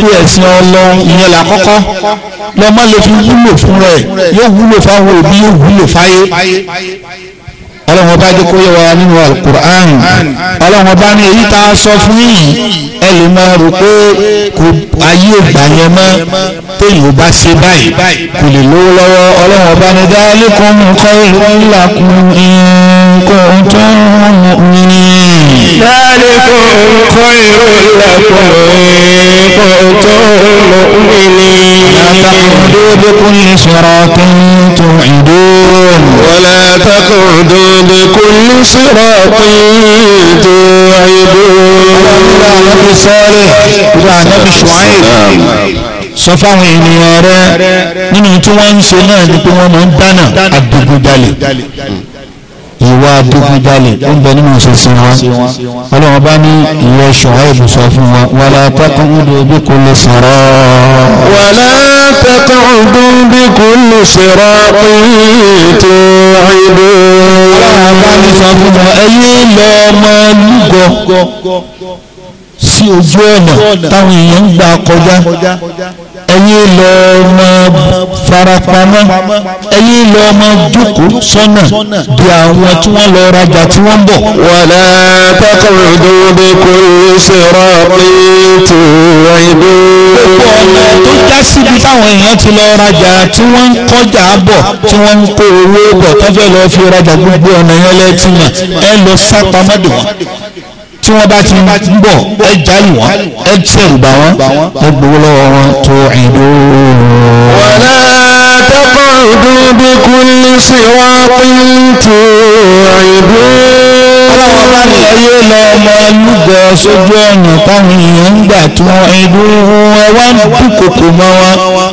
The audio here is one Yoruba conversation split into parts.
lórí ẹ̀sìn ọlọ́run ìyẹn là kọ́kọ́ lọ́mọ lè fi wúlò fún rẹ̀ yóò wúlò fáwọn òbí yóò wúlò fáyé ọlọ́run ọba jẹ́ kó yẹ wa nínú alukur'an ọlọ́run ọba ní èyí tá a sọ fún yìí ẹ lè máa rò pé kò ayé ògbà yẹn mọ́ téèyàn bá ṣe báyìí kò lè lówó lọ́wọ́ ọlọ́run ọba ní dáálé kan mú ìlú ńlá kún un. كنتم مؤمنين ذلكم خير لكم إن كنتم مؤمنين لا تقعدوا بكل صراط توعدون ولا تقعدوا بكل صراط توعدون نبي صالح وعن نبي شعيب sọ fáwọn ènìyàn rẹ nínú tí wọ́n ń ṣe náà ni pé wọ́n máa ń dáná àdìgújalè ìwà adigunjalè ó ń bẹ nínú ìṣesí wọn ọlọ́run bá ní ìyẹn ṣọ̀rọ̀ ìbùsọ̀ fún wọn wàlá tẹ́kùn ún bí kò lè sọ̀rọ̀. wàlá tẹ́kùn ún bí kò lè sọ̀rọ̀ pé tó àìbò. bá ní sọ fún wọn ẹ̀yin lọ́ọ́ máa lúgọ sí ojú ọ̀nà táwọn èèyàn ń gbà kọjá ẹ̀yin lọ ọmọ farapamọ́ ẹ̀yin lọ ọmọ dúkú sọ́nà bí àwọn tí wọ́n lọ rajà tí wọ́n bọ̀. wàlá takọ̀rọ̀ dòde kò ṣe rọ́ọ̀pì tó ẹ̀dọ́. gbogbo ọ̀nà tó já síbi táwọn èèyàn ti lọ rajà tí wọ́n ń kọjá bọ̀ tí wọ́n ń kó owó bọ̀ tọ́jú ẹ̀ lọ́ọ́ fi rajà gbogbo ọ̀nà yẹn lẹ́tìmọ̀ ẹ lọ sápamọ́ dùn wọ́n tí wọ́n bá ti ń bọ̀ ẹ jálù wọn ẹ ṣẹ̀rù bà wọ́n ẹ gbowó lọ́wọ́ wọn tó ìlú. wàlá taq'udu bi kulli siratin tu'idun ọlọ́wọ́ bá ní ẹyẹ lọ ọmọ ẹlúgọ sójú ọ̀nà táwọn èèyàn ń gbà tí wọ́n ẹ̀dú ẹwà ń dúkòkò mọ́ wọn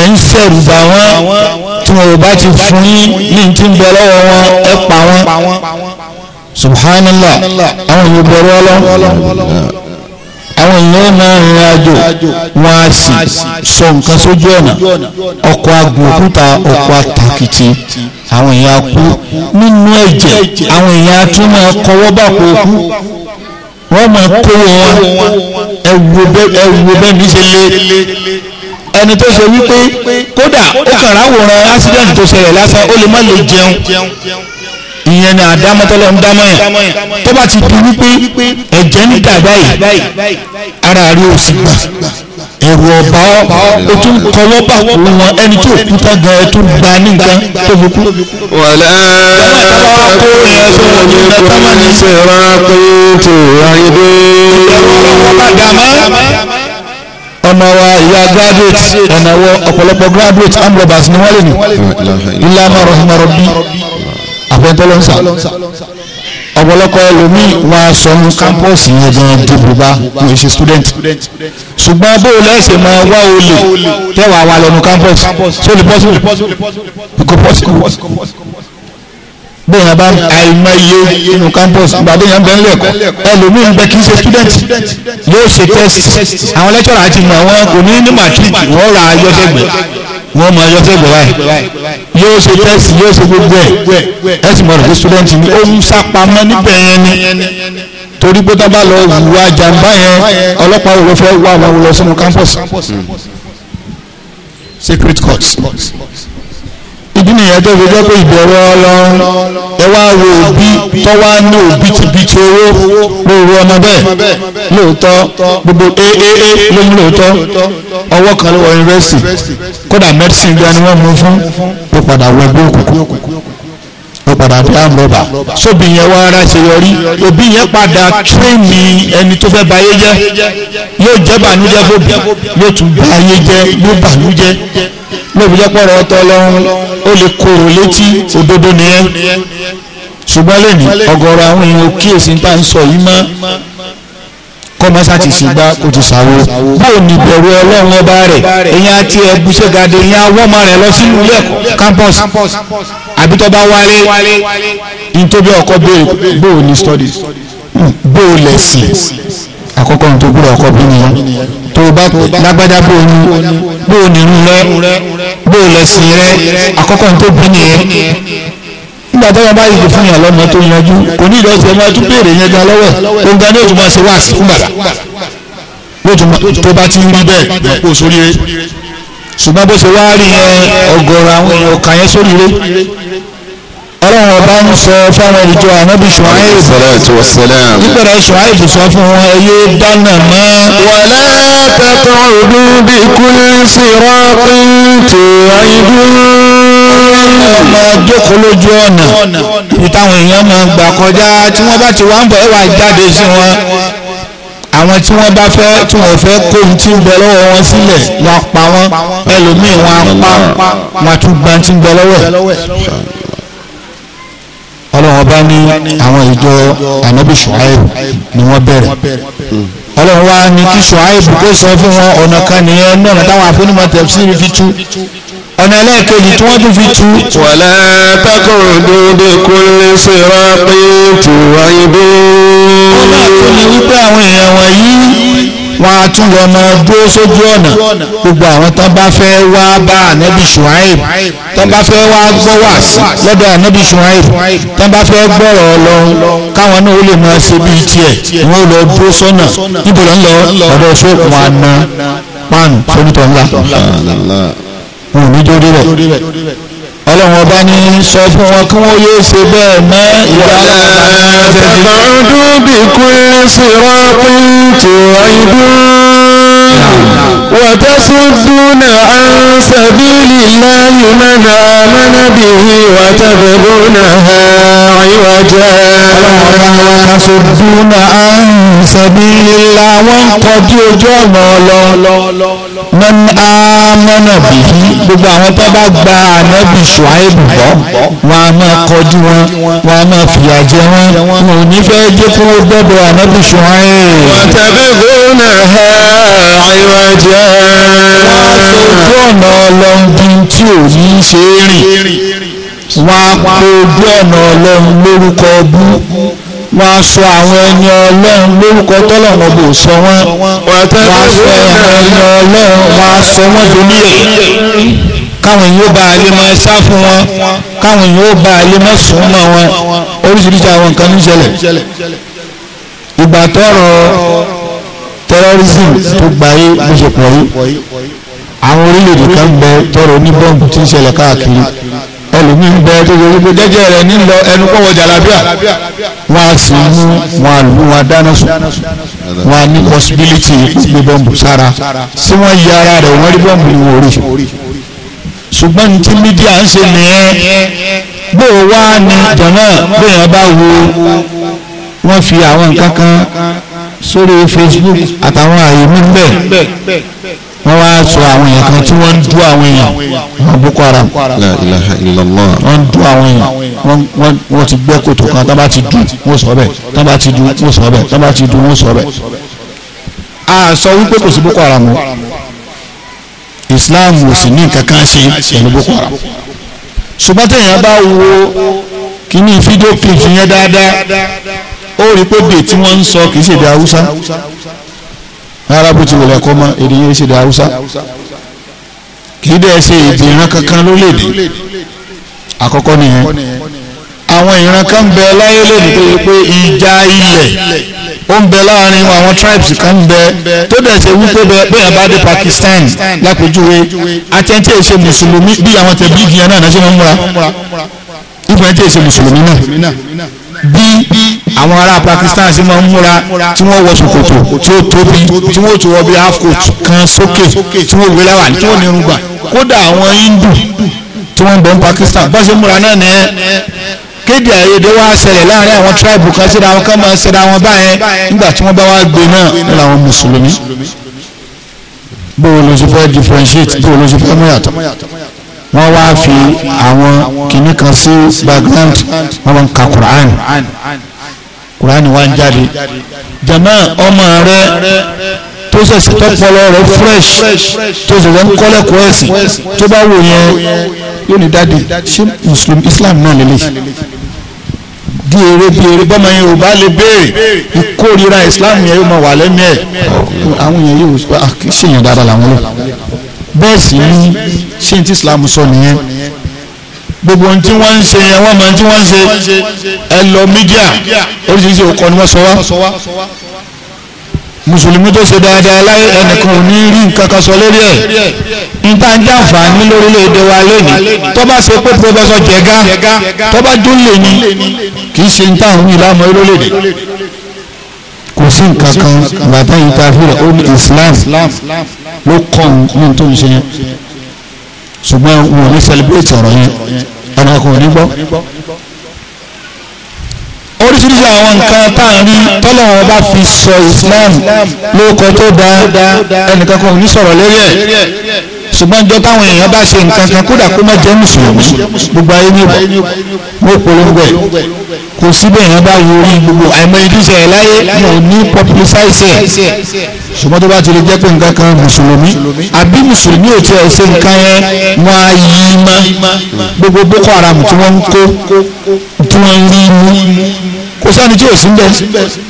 ẹ̀ ń ṣẹ̀rù bà wọ́n tí wọ́n bá ti fún yín ní ti ń bẹ lọ́wọ́ wọn ẹ pa wọ́n subhanallah àwọn èèyàn bẹ̀rù ọlọ́ àwọn èèyàn máa ń rìn àjò wọn a sì sọ nǹkan sójú ọ̀nà ọkọ̀ agbó òkúta ọkọ̀ àtàkìtì àwọn èèyàn kú nínú ẹ̀jẹ̀ àwọn èèyàn tún máa kọwọ́ bà kó kú wọ́n máa kó wọn ẹ̀wù bẹ́ẹ̀ mi ṣe lé ẹni tó ṣe wípé kódà ó kàn ráwòrán accident tó ṣẹlẹ̀ lásán ó lè má lè jẹun ìyẹn ni àdámọ́tọ́lọ́ ń dámọ́ yẹn tó bá ti di wípé ẹ̀jẹ̀ ń dà báyìí ara rí oṣù gbà ẹ̀rù ọ̀bá ó tún kọwọ́ bá kú wọn ẹni tó kú tán gan ẹ tún gba ní nǹkan tó fi kú. wàlẹ́ ẹ̀ẹ́dẹ́gbẹ̀rún ní sẹ́ra pé tó ayé dé. ìbẹ̀rù ọ̀rọ̀ wọn bá dà mọ́ ọmọ wa ìyá graduate ọ̀nà ọ̀pọ̀lọpọ̀ graduate ambrobas ni wọ́n lè ní ìlànà rahman rabbi àfẹ́tọ́lọ́nsà ọ̀pọ̀lọpọ̀ ẹlòmíì wọn aṣọ ní kámpọ́ọ̀sì yẹn gan dìbòbá wọn ṣe student ṣùgbọ́n bóò lẹ́sẹ̀ máa wá olè tẹ́wàá wa lọ́nu kámpọ́ọ̀sì tó lè pọ́sibú kò pọ́sibú bóyá bá àìmọye nínú campus gbàdé yẹn bẹ́ẹ̀ lẹ́kọ̀ọ́ ẹlòmíín bẹ́ẹ̀ kì í ṣe student yóò ṣe test àwọn lecturer àti mọ̀ wọn kò ní ní matric wọ́n ra ayọ́sẹ̀gbẹ̀ wọ́n máa yọ tẹ́gbẹ̀ báyìí yóò ṣe tẹ́sì yóò ṣe gbogbo ẹ̀ ẹ̀sìn mọ̀rọ̀ sí student ni ó ń sápamọ́ níbẹ̀ yẹn ni torí pé tábà lọ wà jàǹbá yẹn ọlọ́pàá wo ló fẹ́ wà wọn lọ sínú campus hmm. secret court ìdí nìyẹn tó fi jẹ́ pé ìbẹ̀rù Ọlọ́run ẹ wá wo òbí tó wá ní òbí ti bí ti owó lóru ọmọ bẹ́ẹ̀ lóòótọ́ gbogbo aaa ló ń lóòótọ́ ọwọ́ kan ló wọ yunifásitì kódà mẹ́dísìn gbani wọ́n mú fún ló padà wọ ẹgbẹ́ òkùnkùn padà dá lọ́ba sóbì yẹn wá ara ṣe yọrí òbí yẹn padà tírèmì ẹni tó fẹ́ bayé jẹ́ yóò jẹ́ bànújẹ́ fòbí yóò tún bayé jẹ́ yóò bànújẹ́ lóbi jẹ́ pọ̀rọ̀ ọtọ lọ́run ó lè kóró létí òdodo nìyẹn ṣùgbọ́n lè ní ọ̀gọ̀rọ̀ àwọn èèyàn kíyèsí ń tà ń sọ yìí mọ́ kọ́mọ́sá ti ṣìgbà kò ti ṣàwo bóò ní bẹ̀rù ọlọ́run ọba rẹ̀ èyàn àti ẹ̀bùsẹ̀gàdé èyàn awọ́mọ rẹ̀ lọ sí ilé ẹ̀kọ́ campus àbí tó bá wálé ntóbi ọkọ bó ní studies hmm, bó lẹ̀sìn àkọ́kọ́ tó gbúdọ̀ ọkọ bí nìyẹn tó bá lágbádá bó ní bó nínú rẹ bó lẹ̀sìn rẹ àkọ́kọ́ tó bí nìyẹn nígbà tó wọn bá yìí fún yàn lọ́mọ tó yanjú kò ní ìdọ̀tí ẹ máa tún béèrè yẹn gan lọ́wọ́ ẹ̀ òǹgá ní òtún máa ṣe fún bàbá lótú tó bá ti ń rí bẹ́ẹ̀ kó sóríire ṣùgbọ́n bó ṣe wá rí yẹn ọ̀gọ̀rọ̀ àwọn èèyàn kà yẹn sóríire ọlọ́run ọba ń sọ fáwọn ìjọ ànábì ṣùháì nígbàdá ṣùháì bù sọ fún wọn ẹyẹ dáná mọ́. wàlá tẹ̀tọ̀ ọdún bí kúlẹ̀ sí rọ́ọ̀pì tó ayédúró. ọmọ jókòó lójú ọ̀nà ibi táwọn èèyàn máa ń gbà kọjá tí wọ́n bá ti wá ń bọ̀ ẹ̀ jáde sí wọn àwọn tí wọ́n bá fẹ́ tí wọ́n fẹ́ kó ohun tí ń bẹ lọ́wọ́ wọn sílẹ̀ wọ́n pa wọ́n ẹlòmíì wọ́n á pa wọ́n tún gba ohun tí ń bẹ lọ́wọ́ ọlọ́run bá ní àwọn ìjọ ànábì ṣùháìbù ni wọ́n bẹ̀rẹ̀ ọlọ́run wá ní kí ṣùháìbù kó sọ fún wọn ọ̀nà kan nìyẹn náà táwọn àfúnimọ̀ tẹ̀síìrì fi tú ọ̀nà ẹlẹ́ẹ̀kejì tí wọ́n tún fi tú. wàlá takùn dúdú kúnlé sèrè pé tùwáyé bẹ́ẹ̀ àwọn èèyàn wọ̀nyí wọn a tún lọ mọ dúró sójú ọ̀nà gbogbo àwọn tán bá fẹ́ wá bá ànábì ṣùháìb tán bá fẹ́ wá gbọ́ wá sí lọ́dọ̀ ànábì ṣùháìb tán bá fẹ́ gbọ́rọ̀ ọlọ́run káwọn náà ó lè máa ṣe bíi tiẹ̀ wọn ò lọ dúró sọ́nà níbo ló ń lọ ọ̀dọ̀ fóòkùn àná pàánù fónítọ̀ ńlá wọn ò ní dórí rẹ̀ ọlọ́run ọba ní sọ fún wọn kí wọ́n yóò ṣe bẹ́ẹ̀ mọ́ ìyára tàbàdún bí kúlẹ̀ sírọ́pìn tó àìdún وتصدون عن سبيل الله من آمن به وتبغونها عوجا وتصدون عن سبيل الله وانقضوا جمالا من mọ́nà bìí gbogbo àwọn tó bá gba ànábì ṣùáìbù gbọ́ wọn a máa kọjú wọn wọn a máa fìyà jẹ wọn wọn ò ní fẹ́ jẹ́ kí wọ́n gbọ́dọ̀ ànábì ṣùáìbù. wàtàbíkúnà ha àìwá jẹ́. wọ́n á sojú ọ̀nà ọlọ́mbí tí ò ní ṣe é rìn wọ́n á kó ojú lórúkọ bú wọ́n sọ àwọn ẹni ọlọ́run lórúkọ tọ́lọ̀nà bò sọ wọ́n wọ́n sọ àwọn ẹni ọlọ́run wọ́n sọ wọ́n doníyẹ̀ káwọn yóò bá alẹ́ máa sá fún wọn káwọn yóò bá alẹ́ máa sùn mọ́ wọn oríṣiríṣi àwọn nǹkan ń ṣẹlẹ̀ ìgbà tọrọ terrorism tó gbáyé bó ṣe pọ̀ yìí àwọn orílẹ̀-èdè kan bẹ tọrọ oníbọ̀ǹbù tí ń ṣẹlẹ̀ káàkiri ẹlòmíín bẹ tó yẹ wípé jẹjẹ rẹ nílọ ẹnu pọwọ jàlábíà wọn a sì mú wọn a lù wọn a dáná sùn wọn a ní possibility gbé bọ́ǹbù sára tí wọ́n yí ara rẹ̀ wọ́n rí bọ́ǹbù ní wọ́n rí ṣùgbọ́n tí mídíà ń ṣe nìyẹn bó o wá ní jọ̀nà bóyá bá wo wọ́n fi àwọn nǹkan kan sórí Facebook àtàwọn àyè mú bẹ́ẹ̀ wọ́n wá sọ àwọn èèyàn kan tí wọ́n ń dú àwọn èèyàn àwọn boko haram la ilaha illallah wọ́n ń dú àwọn èèyàn wọ́n ti gbẹ́ kòtò kan tá bá ti dú wọ́n sọ bẹ́ẹ̀ tá bá ti dú wọ́n sọ bẹ́ẹ̀ tá bá ti dú wọ́n sọ bẹ́ẹ̀. a sọ wípé kò sí boko haram o islam ò sì ní nǹkan kan ṣe pẹ̀lú boko haram ṣùgbọ́n téèyàn bá wo kíní fídíò clip yẹn dáadáa ó rí pé bèè tí wọ́n ń sọ kì í ṣèdè haúsá arábù ti wọlé ẹ̀kọ́ mọ́ èdè yẹn ṣe dé haúsá kì í dẹ́ ṣe èdè ìran kankan lólédè àkọ́kọ́ nìyẹn àwọn ìran kan bẹ láyé lónìí tó yẹ pé ìjà ilẹ̀ ó ń bẹ láàrin àwọn tribes kan ń bẹ tó dẹ̀ ṣe wípé bẹ́ẹ̀ bá dé Pakistan lápèjúwe àtẹ̀ntẹ̀ ṣe mùsùlùmí bí àwọn tẹ̀blíìgì yẹn náà náà ṣe máa ń múra ìfẹ̀ntẹ̀ ṣe mùsùlùmí náà bí àwọn ará Pakistan sì máa ń múra tí wọ́n wọ ṣòkòtò tí ó tóbi tí wọ́n tún wọ bí half coat kan sókè tí wọ́n wé láwà tí wọ́n ní irun gbà kódà àwọn Hindu tí wọ́n bọ̀ ní Pakistan bá ṣe múra náà nìyẹn kéde àyèdè wa ṣẹlẹ̀ láàrin àwọn tribe kan síra wọn kan máa ṣẹra wọn báyẹn nígbà tí wọ́n bá wá gbé náà ní làwọn mùsùlùmí bóòlù sí fẹ́ differentiate bóòlù sí fẹ́ mú yàtọ̀ wọ́n wá fi àwọn kìnnìkan sí background wọ́n máa ń ka Quran kùránì wá ń jáde jama ọmọ rẹ tó ṣẹ̀ṣẹ̀ tọpọlọ rẹ fresh tó ṣẹ̀ṣẹ̀ ń kọ́lẹ́kọ̀ọ́ ẹ̀sìn tó bá wò yẹn yóò ní dáde ṣé muslim islam náà lélẹ̀ di eré bí eré bọ́mọ yẹn ò bá lè béèrè ìkórira islam yẹn yóò máa wà lẹ́mí ẹ̀ àwọn yẹn yóò ṣèyàn dáadáa làwọn lọ bẹ́ẹ̀ sì ni ṣé ní ti islam sọ nìyẹn gbogbo ohun tí wọ́n ń ṣe yẹn wọ́n máa ń tí wọ́n ń ṣe ẹ lọ mídíà oríṣiríṣi òkọ ni wọ́n sọ wá mùsùlùmí tó ṣe dáadáa láyé ẹnìkan ò ní rí nǹkan kan sọ lórí ẹ̀ níta ń jàǹfààní lórílẹ̀ wa lónìí tó bá ṣe pé pọfẹsọ jẹgá tó bá dún lè kì í ṣe níta àwọn ìlànà orílẹ̀ kò sí nǹkan kan bàtà yìí ta fúra ó ní Islam ló kọ́ ní tó ń ṣe yẹn ṣùgbọ́n wọn ní celebrate ọ̀rọ̀ yẹn ẹnì kan ò ní gbọ́ oríṣiríṣi àwọn nǹkan tá tọ́lọ́wọ́n bá fi sọ Islam lóko tó dáa ẹnìkan kan ní sọ̀rọ̀ lórí ẹ̀ ṣùgbọ́n ìjọ táwọn èèyàn bá ṣe nǹkan kan kódà kó má jẹ́ mùsùlùmí gbogbo ayé ní ìbọ̀ mo polongo ẹ̀ kò síbẹ̀ èèyàn bá wo orí gbogbo àìmọ̀ ìdíje ẹ̀ láyé wọn ò ní publicize ẹ̀ ṣùgbọ́n tó bá ti lè jẹ́ pé nǹkan kan mùsùlùmí àbí mùsùlùmí ò tiẹ̀ ṣe nǹkan yẹn wọn á yí mọ́ gbogbo Boko Haram tí wọ́n ń kó tí wọ́n ń rí mú kò sẹ́ni tí ò sí bẹ́ẹ̀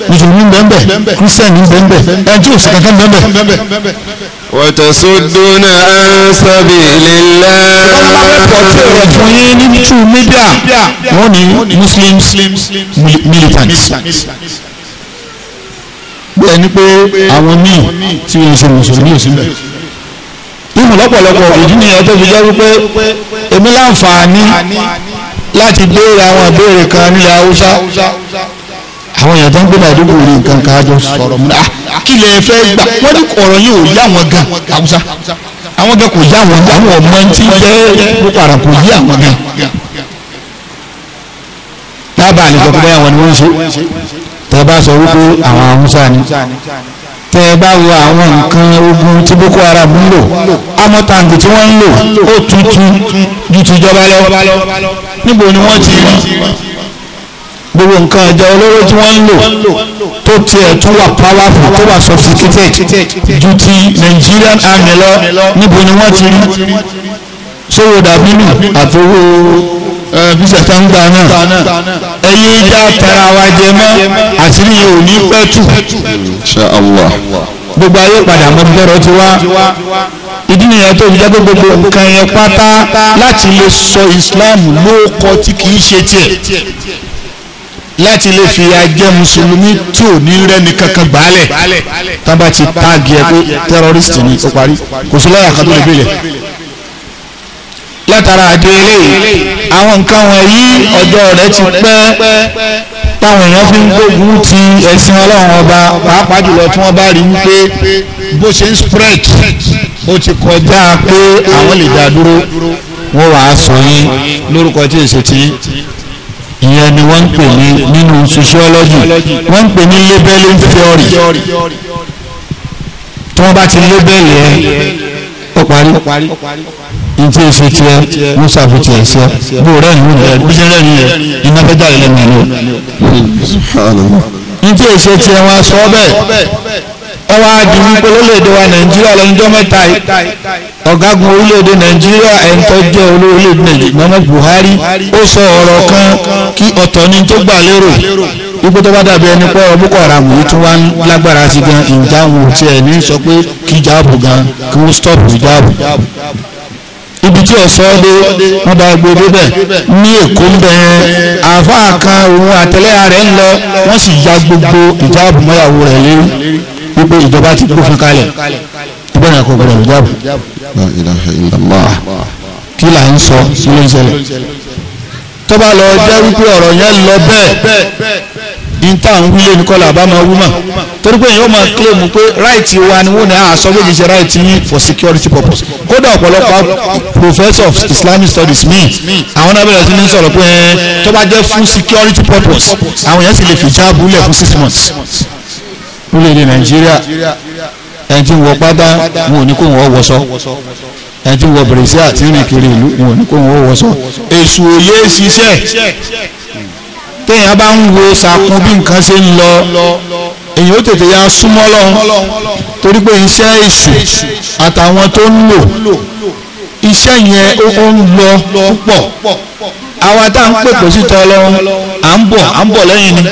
mùsùlùmí bẹ́ẹ̀ bẹ́ẹ̀ kírísítẹ́nì bẹ́ẹ̀ bẹ́ẹ̀ ẹni tí ò sí kankan bẹ́ẹ̀ bẹ́ẹ̀. wàtàsódónà sabilillah. ọlọ́pàá rẹ̀ fún yín ní two media wọ́n ní muslims militants bẹ́ẹ̀ ni pé àwọn míì tí wọ́n ṣe mùsùlùmí ò sí bẹ́ẹ̀ ìmùlọ́pọ̀lọpọ̀ ìdí nìyẹn tó fi jẹ́ wípé èmi láǹfààní láti béèrè àwọn ìbéèrè kan nílẹ̀ haúsá àwọn èèyàn tó ń gbé ládùúgbò rí nǹkan ká jọ sọ̀rọ̀ múlá ah, kí lè fẹ́ gbà wọ́n ní ọ̀rọ̀ yìí ò yá wọn gan haúsá àwọn gan kò yá wọn àwọn ọmọ tí ń jẹ́ bùkàrà kò yí àwọn gan lábàá àlejò pé báyà wọn ni wọ́n ń ṣe tẹ́ bá sọ wípé àwọn haúsá ni tẹ bá wo àwọn nǹkan ogun tí boko haram ń lò amọ̀tàǹgì tí wọ́n ń lò ó tuntun ju tìjọba lọ níbo ni wọ́n ti rí gbogbo nǹkan ọjà olóró tí wọ́n ń lò tó tiẹ̀ tún wà powerful tó wà sophisticated ju ti Nigerian army lọ níbo ni wọ́n ti rí sówó dàbí nù àtòwò bísí àtàǹgbà náà ẹyẹ ìjà tara wa jẹ mọ́ àṣírí yìí ò ní pẹ́ tù gbogbo ayé padà mọ́ bí lọ́rọ̀ wá ìdí nìyẹn tó fi jẹ́ pé gbogbo nǹkan yẹn pátá láti lè sọ Islam lóòkọ tí kì í ṣe tiẹ̀ láti lè fi ajẹ́ mùsùlùmí tí ò ní rẹ́ni kankan gbàálẹ̀ tán ti táàgì ẹ pé terrorist ni ó parí kò sí lọ́yà kan tó lè bílẹ̀ látara àdéhélé àwọn nǹkan wọ̀nyí ọjọ́ rẹ̀ ti pẹ́ táwọn èèyàn fi ń gbógun ti ẹ̀sìn ọlọ́run ọba pàápàá jùlọ tí wọ́n bá rí i pé bó ṣe ń spread ó ti kọjá pé àwọn lè dá dúró wọ́n wàá sọ yín lórúkọ tí èso ti ìyẹn ni wọ́n ń pè ní nínú sociology wọ́n ń pè ní labeling theory tí wọ́n bá ti label yẹn ó parí ntí esu tiẹ musa fi tiẹ sẹ bó rẹ nínú rẹ bí sẹ rẹ nínú rẹ iná fẹ jáde lẹ́nu ẹnu. ntí esu tiẹ wọn sọ bẹ́ẹ̀ ẹ wá di wípé lórílẹ̀-èdè wa nàìjíríà lọ́jọ́ mẹ́ta yìí ọ̀gágun orílẹ̀-èdè nàìjíríà ẹ̀ńtọ́ jẹ́ nàìjíríà mọ́mọ́ buhari ó sọ ọ̀rọ̀ kan kí ọ̀tọ̀ ni tó gbà lérò wípé tó bá dàbí ẹni pé ọ̀rọ̀ boko haram yìí tún wá lágbára sí gan ìjà wọn ò tiẹ̀ ní sọ pé kí jáàbù gan kí wọ́n stop ìjáàbù ibi tí ọ̀sọ́ dé wọ́n bá gbé débẹ̀ ní èkó ń bẹ àáfàá kan òun àtẹlẹ́yà rẹ̀ ń lọ wọ́n sì ya gbogbo ìjáàbù mọ́yàwó rẹ̀ lérí wípé ìjọba ti gbófin kalẹ̀ ìbọn ẹ̀kọ́ gbọdọ̀ ìjáàbù. kí là ń sọ sílẹ̀ ń ṣẹlẹ̀ tó lọ jẹ́ wípé ọ̀rọ̀ yẹn lọ bẹ́ẹ̀ níta ń wílé ní kọ́lá àbá máa wú mà torí pé èèyàn máa claim pé right wa ni wọ́n ní àṣọ ah, méjì ṣe right yín for security purpose kódà ọ̀pọ̀lọpọ̀ professor of Islamic studies mi àwọn náà bẹ̀rẹ̀ sí ní sọ̀rọ̀ pé eh, tó bá jẹ́ fún security purpose àwọn èèyàn sì lè fi jáàbù lẹ̀ fún six months lórílẹ̀-èdè Nàìjíríà ẹni tí ń wọ pátá wọn ò ní kó wọn wọṣọ ẹni tí ń wọ bẹ̀rẹ̀ sí àtìrìn kiri ìlú wọn ò ní kó wọn wọṣọ èṣù òye ṣiṣẹ́ téèyàn bá ń wo sàkún bí nǹkan ṣe ń lọ èyí ó tètè ya súnmọ́ lọ́hún torí pé iṣẹ́ èṣù àtàwọn tó ń lò iṣẹ́ yẹn ó ń lọ púpọ̀ àwa tá à ń pèpè síta ọlọ́run à ń bọ̀ à ń bọ̀ lẹ́yìn ni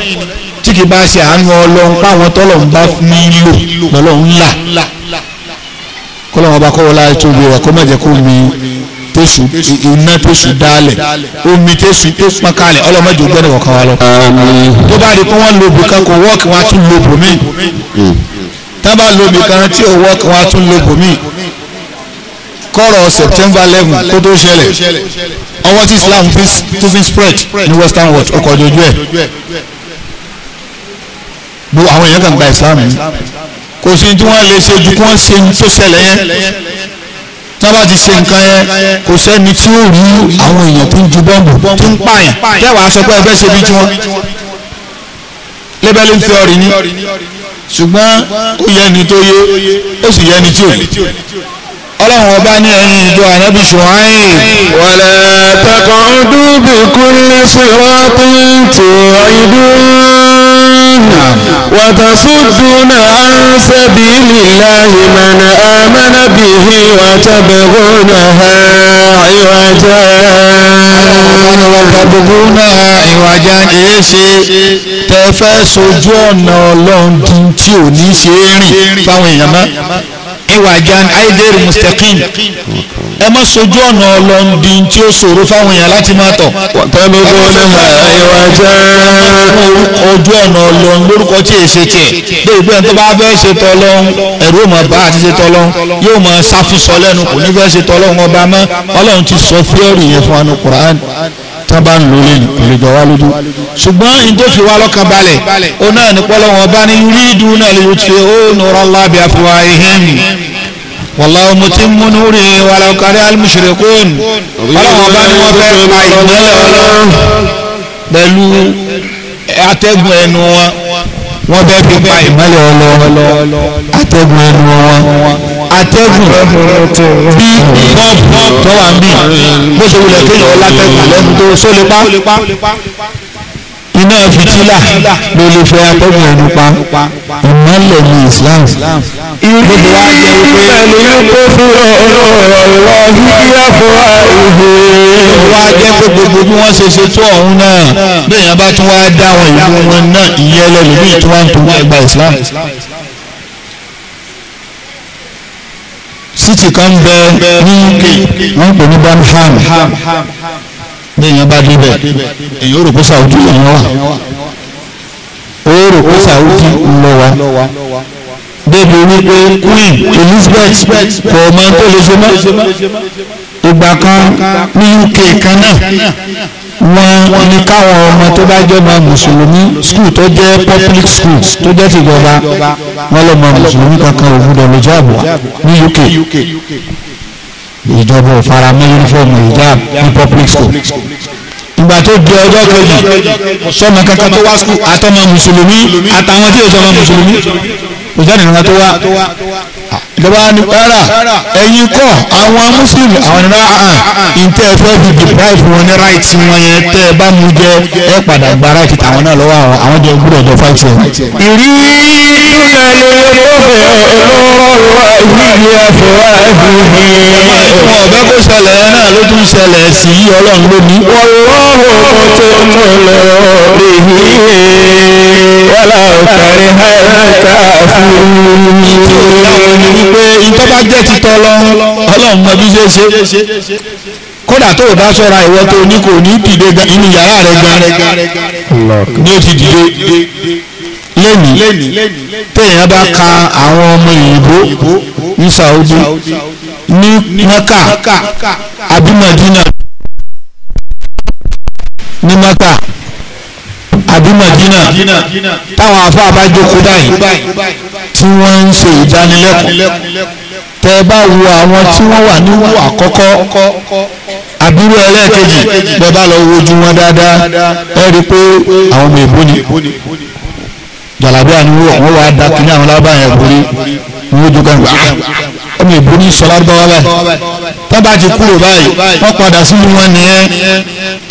tí kì bá ṣe àánú ọlọ́run káwọn tọ́lọ̀ ń bá mi lò lọ́lọ́run ńlá kọ́lọ́run ọba kọ́wọ́lá tóbi rẹ̀ kó má jẹ́ kó mi tẹ̀sù iná tẹ̀sù dálẹ̀ omi tẹ̀sù tó pọn kalẹ̀ ọlọ́mọdé ò gbọ́dọ̀ kọ̀ọ̀kan wa lọ. tó bá rí i pé wọ́n lo bìkan kò wọ́ọ̀kì wọn tún lo bòmí tábà lo bìkan tí ò wọ́ọ̀kì wọn tún lo bòmí kọ́rọ̀ September eleven kó tó ṣẹlẹ̀ ọwọ́ tí Islam tó fi spread ní Western world ọkọ̀ ojú ẹ̀ bu àwọn èèyàn kan gba Islam yìí kò sí tí wọ́n lè ṣe ju kí wọ́n ṣe tó ṣẹlẹ̀ yẹn tába ti ṣe nǹkan yẹn kò sẹ́ni tí ó rí àwọn èèyàn tó ń ju bọ́ọ̀mù tó ń pààyàn tẹ́wàá sọ pé ẹ fẹ́ ṣe bí tiwọn labeling theory ni ṣùgbọ́n ó yẹ ni tó yé ó sì yẹ ni tí ò ní ọlọ́run ọba ní ẹ̀yìn ìjọ ànábì ṣùháìn wala taq'udu bi kulli siratin tu'idun وتصدون عن سبيل الله من آمن به وتبغونها عوجا وتبغونها عوجا èéṣe tẹ́ fẹ́ sojú ọ̀nà ọlọ́run wàjáni ayédèrè mustaqim ẹ má sojú ọ̀nà ọlọ́ndì tí ó ṣòro fáwọn èèyàn láti máa tọ̀. pẹ̀lú bọ́ọ̀lù àìwá jẹ́. ojú ọ̀nà ọlọ́n lórúkọ tí èsì tiẹ̀ bẹ́ẹ̀ bẹ́ẹ̀ tó bá fẹ́ ṣe tọ́lọ́n ẹ̀rú ò mọ̀ bá àti ṣe tọ́lọ́n yóò mọ̀ sáfisọ lẹ́nu kò ní fẹ́ ṣe tọ́lọ́n ọba mọ́ ọlọ́run ti sọ fúlọ́ọ̀rì yẹn fún wa tán bá ń lò lẹ́nu kò lè jọ wá lójú ṣùgbọ́n n tó fi wá lọ́kàn balẹ̀ ó náà ní pọ́lọ́wọ́n ọba ní yuriduna li yutfi'u nurallahi bi afwahihim wallahu mutimmu nurihi walaw kariha al-mushrikun pọ́lọ́wọ́n ọba ní wọ́n fẹ́ pa ìmọ́lẹ̀ ọlọ́run pẹ̀lú atẹ́gùn ẹnu wọn wọ́n bẹ́ẹ̀ fi pa ìmọ́lẹ̀ ọlọ́run atẹ́gùn ẹnu wọn atẹ́gùn bí bọ́ọ̀bù tó wà ń bì bó ṣe wulẹ̀ kéèyàn látẹ́gùn lẹ́nu tó sólè pa iná fìtílà ló lè fẹ́ atẹ́gùn ẹnu pa ìmọ̀lẹ̀ ní Islam. Ìgbìmọ̀ pẹ̀lú kó fún ọ̀rọ̀ yíyá fún àìhè. Wa jẹ́ pé gbogbo bí wọ́n ṣe ṣe tó ọ̀hún náà, bẹ́ẹ̀ yẹn bá tún wá dá ìlú wọn náà ìyẹn lẹ́nu ní ìtura nítorí ẹgbà Islam. títì kan bẹ ní wọ́n pè ní Birmingham ní èèyàn bá débẹ̀ èèyàn ó rò pé Saudi èèyàn wà ó rò pé Saudi lọ wa débi wípé Queen Elizabeth kò mọ tó lè ṣe mọ́ ìgbà kan ní UK kan náà wọn ní káwọn ọmọ tó bá jẹ́ ọmọ mùsùlùmí skul tó jẹ́ public school tó jẹ́ tìjọba wọn lọ́mọ mùsùlùmí kankan ò gbúdọ̀ lè jáàbù ní UK ìjọba ò fara mọ́ yúnífọ́ọ̀mù ìjáàbù ní public school ìgbà tó di ọjọ́ kejì sọ́mọ kankan tó wá skul àtọmọ mùsùlùmí àtàwọn tí ò sọmọ mùsùlùmí ìjọba nìkan tó wá ìjọba ni rárá ẹ̀yin kọ́ àwọn muslim àwọn ní rárá ìtẹ́ ẹ̀fẹ́ fi deprive wọn ní right wọn yẹn tẹ́ ẹ bá mú jẹ ẹ padà gba right tàwọn náà lọ́wọ́ àwọn jẹ gbúdọ̀ jọ fight wọn. ìrí ìlúlẹ̀ lè lọ́fẹ̀ẹ́ lọ́rọ̀ ìwé ẹ̀fọ́ ẹ̀fọ́ wọn ọ̀bẹ kó ṣẹlẹ̀ ẹ náà ló tún ṣẹlẹ̀ sí i ọlọ́run ló ní. wọ́lọ́hùn mo ti mú lọ rí i wọ́lá ọ̀kàrí pé ìtọ́ba jẹ́ ti tọ́ lọ ọlọ́run mọ bí ṣe ṣe kódà tó o bá ṣọ́ra ìwọ tó o ní kò ní dìde inú yàrá rẹ gan ni o ti dìde lẹ́nìí téèyàn bá ka àwọn ọmọ òyìnbó ní Saudi ní Mẹ́kà àbí Madina ní Mẹ́kà àbí Madina táwọn afọ abájókòó báyìí tí wọ́n ń ṣe ìdánilẹ́kọ̀ọ́ tẹ bá wo àwọn tí wọ́n wà níwò àkọ́kọ́ àbúrò ẹlẹ́ẹ̀kejì bẹ́ẹ̀ bá lọ wojú wọn dáadáa ẹ rí i pé àwọn ọmọ èbó ni jàlábíà ni wọ́n wá da kí ní àwọn lábàáyàn borí wọ́n ó dúkọ́ nípa ọmọ èbó ní sọlá báwa báyìí tọ́ba ti kúrò báyìí wọ́n padà sínú wọn nìyẹn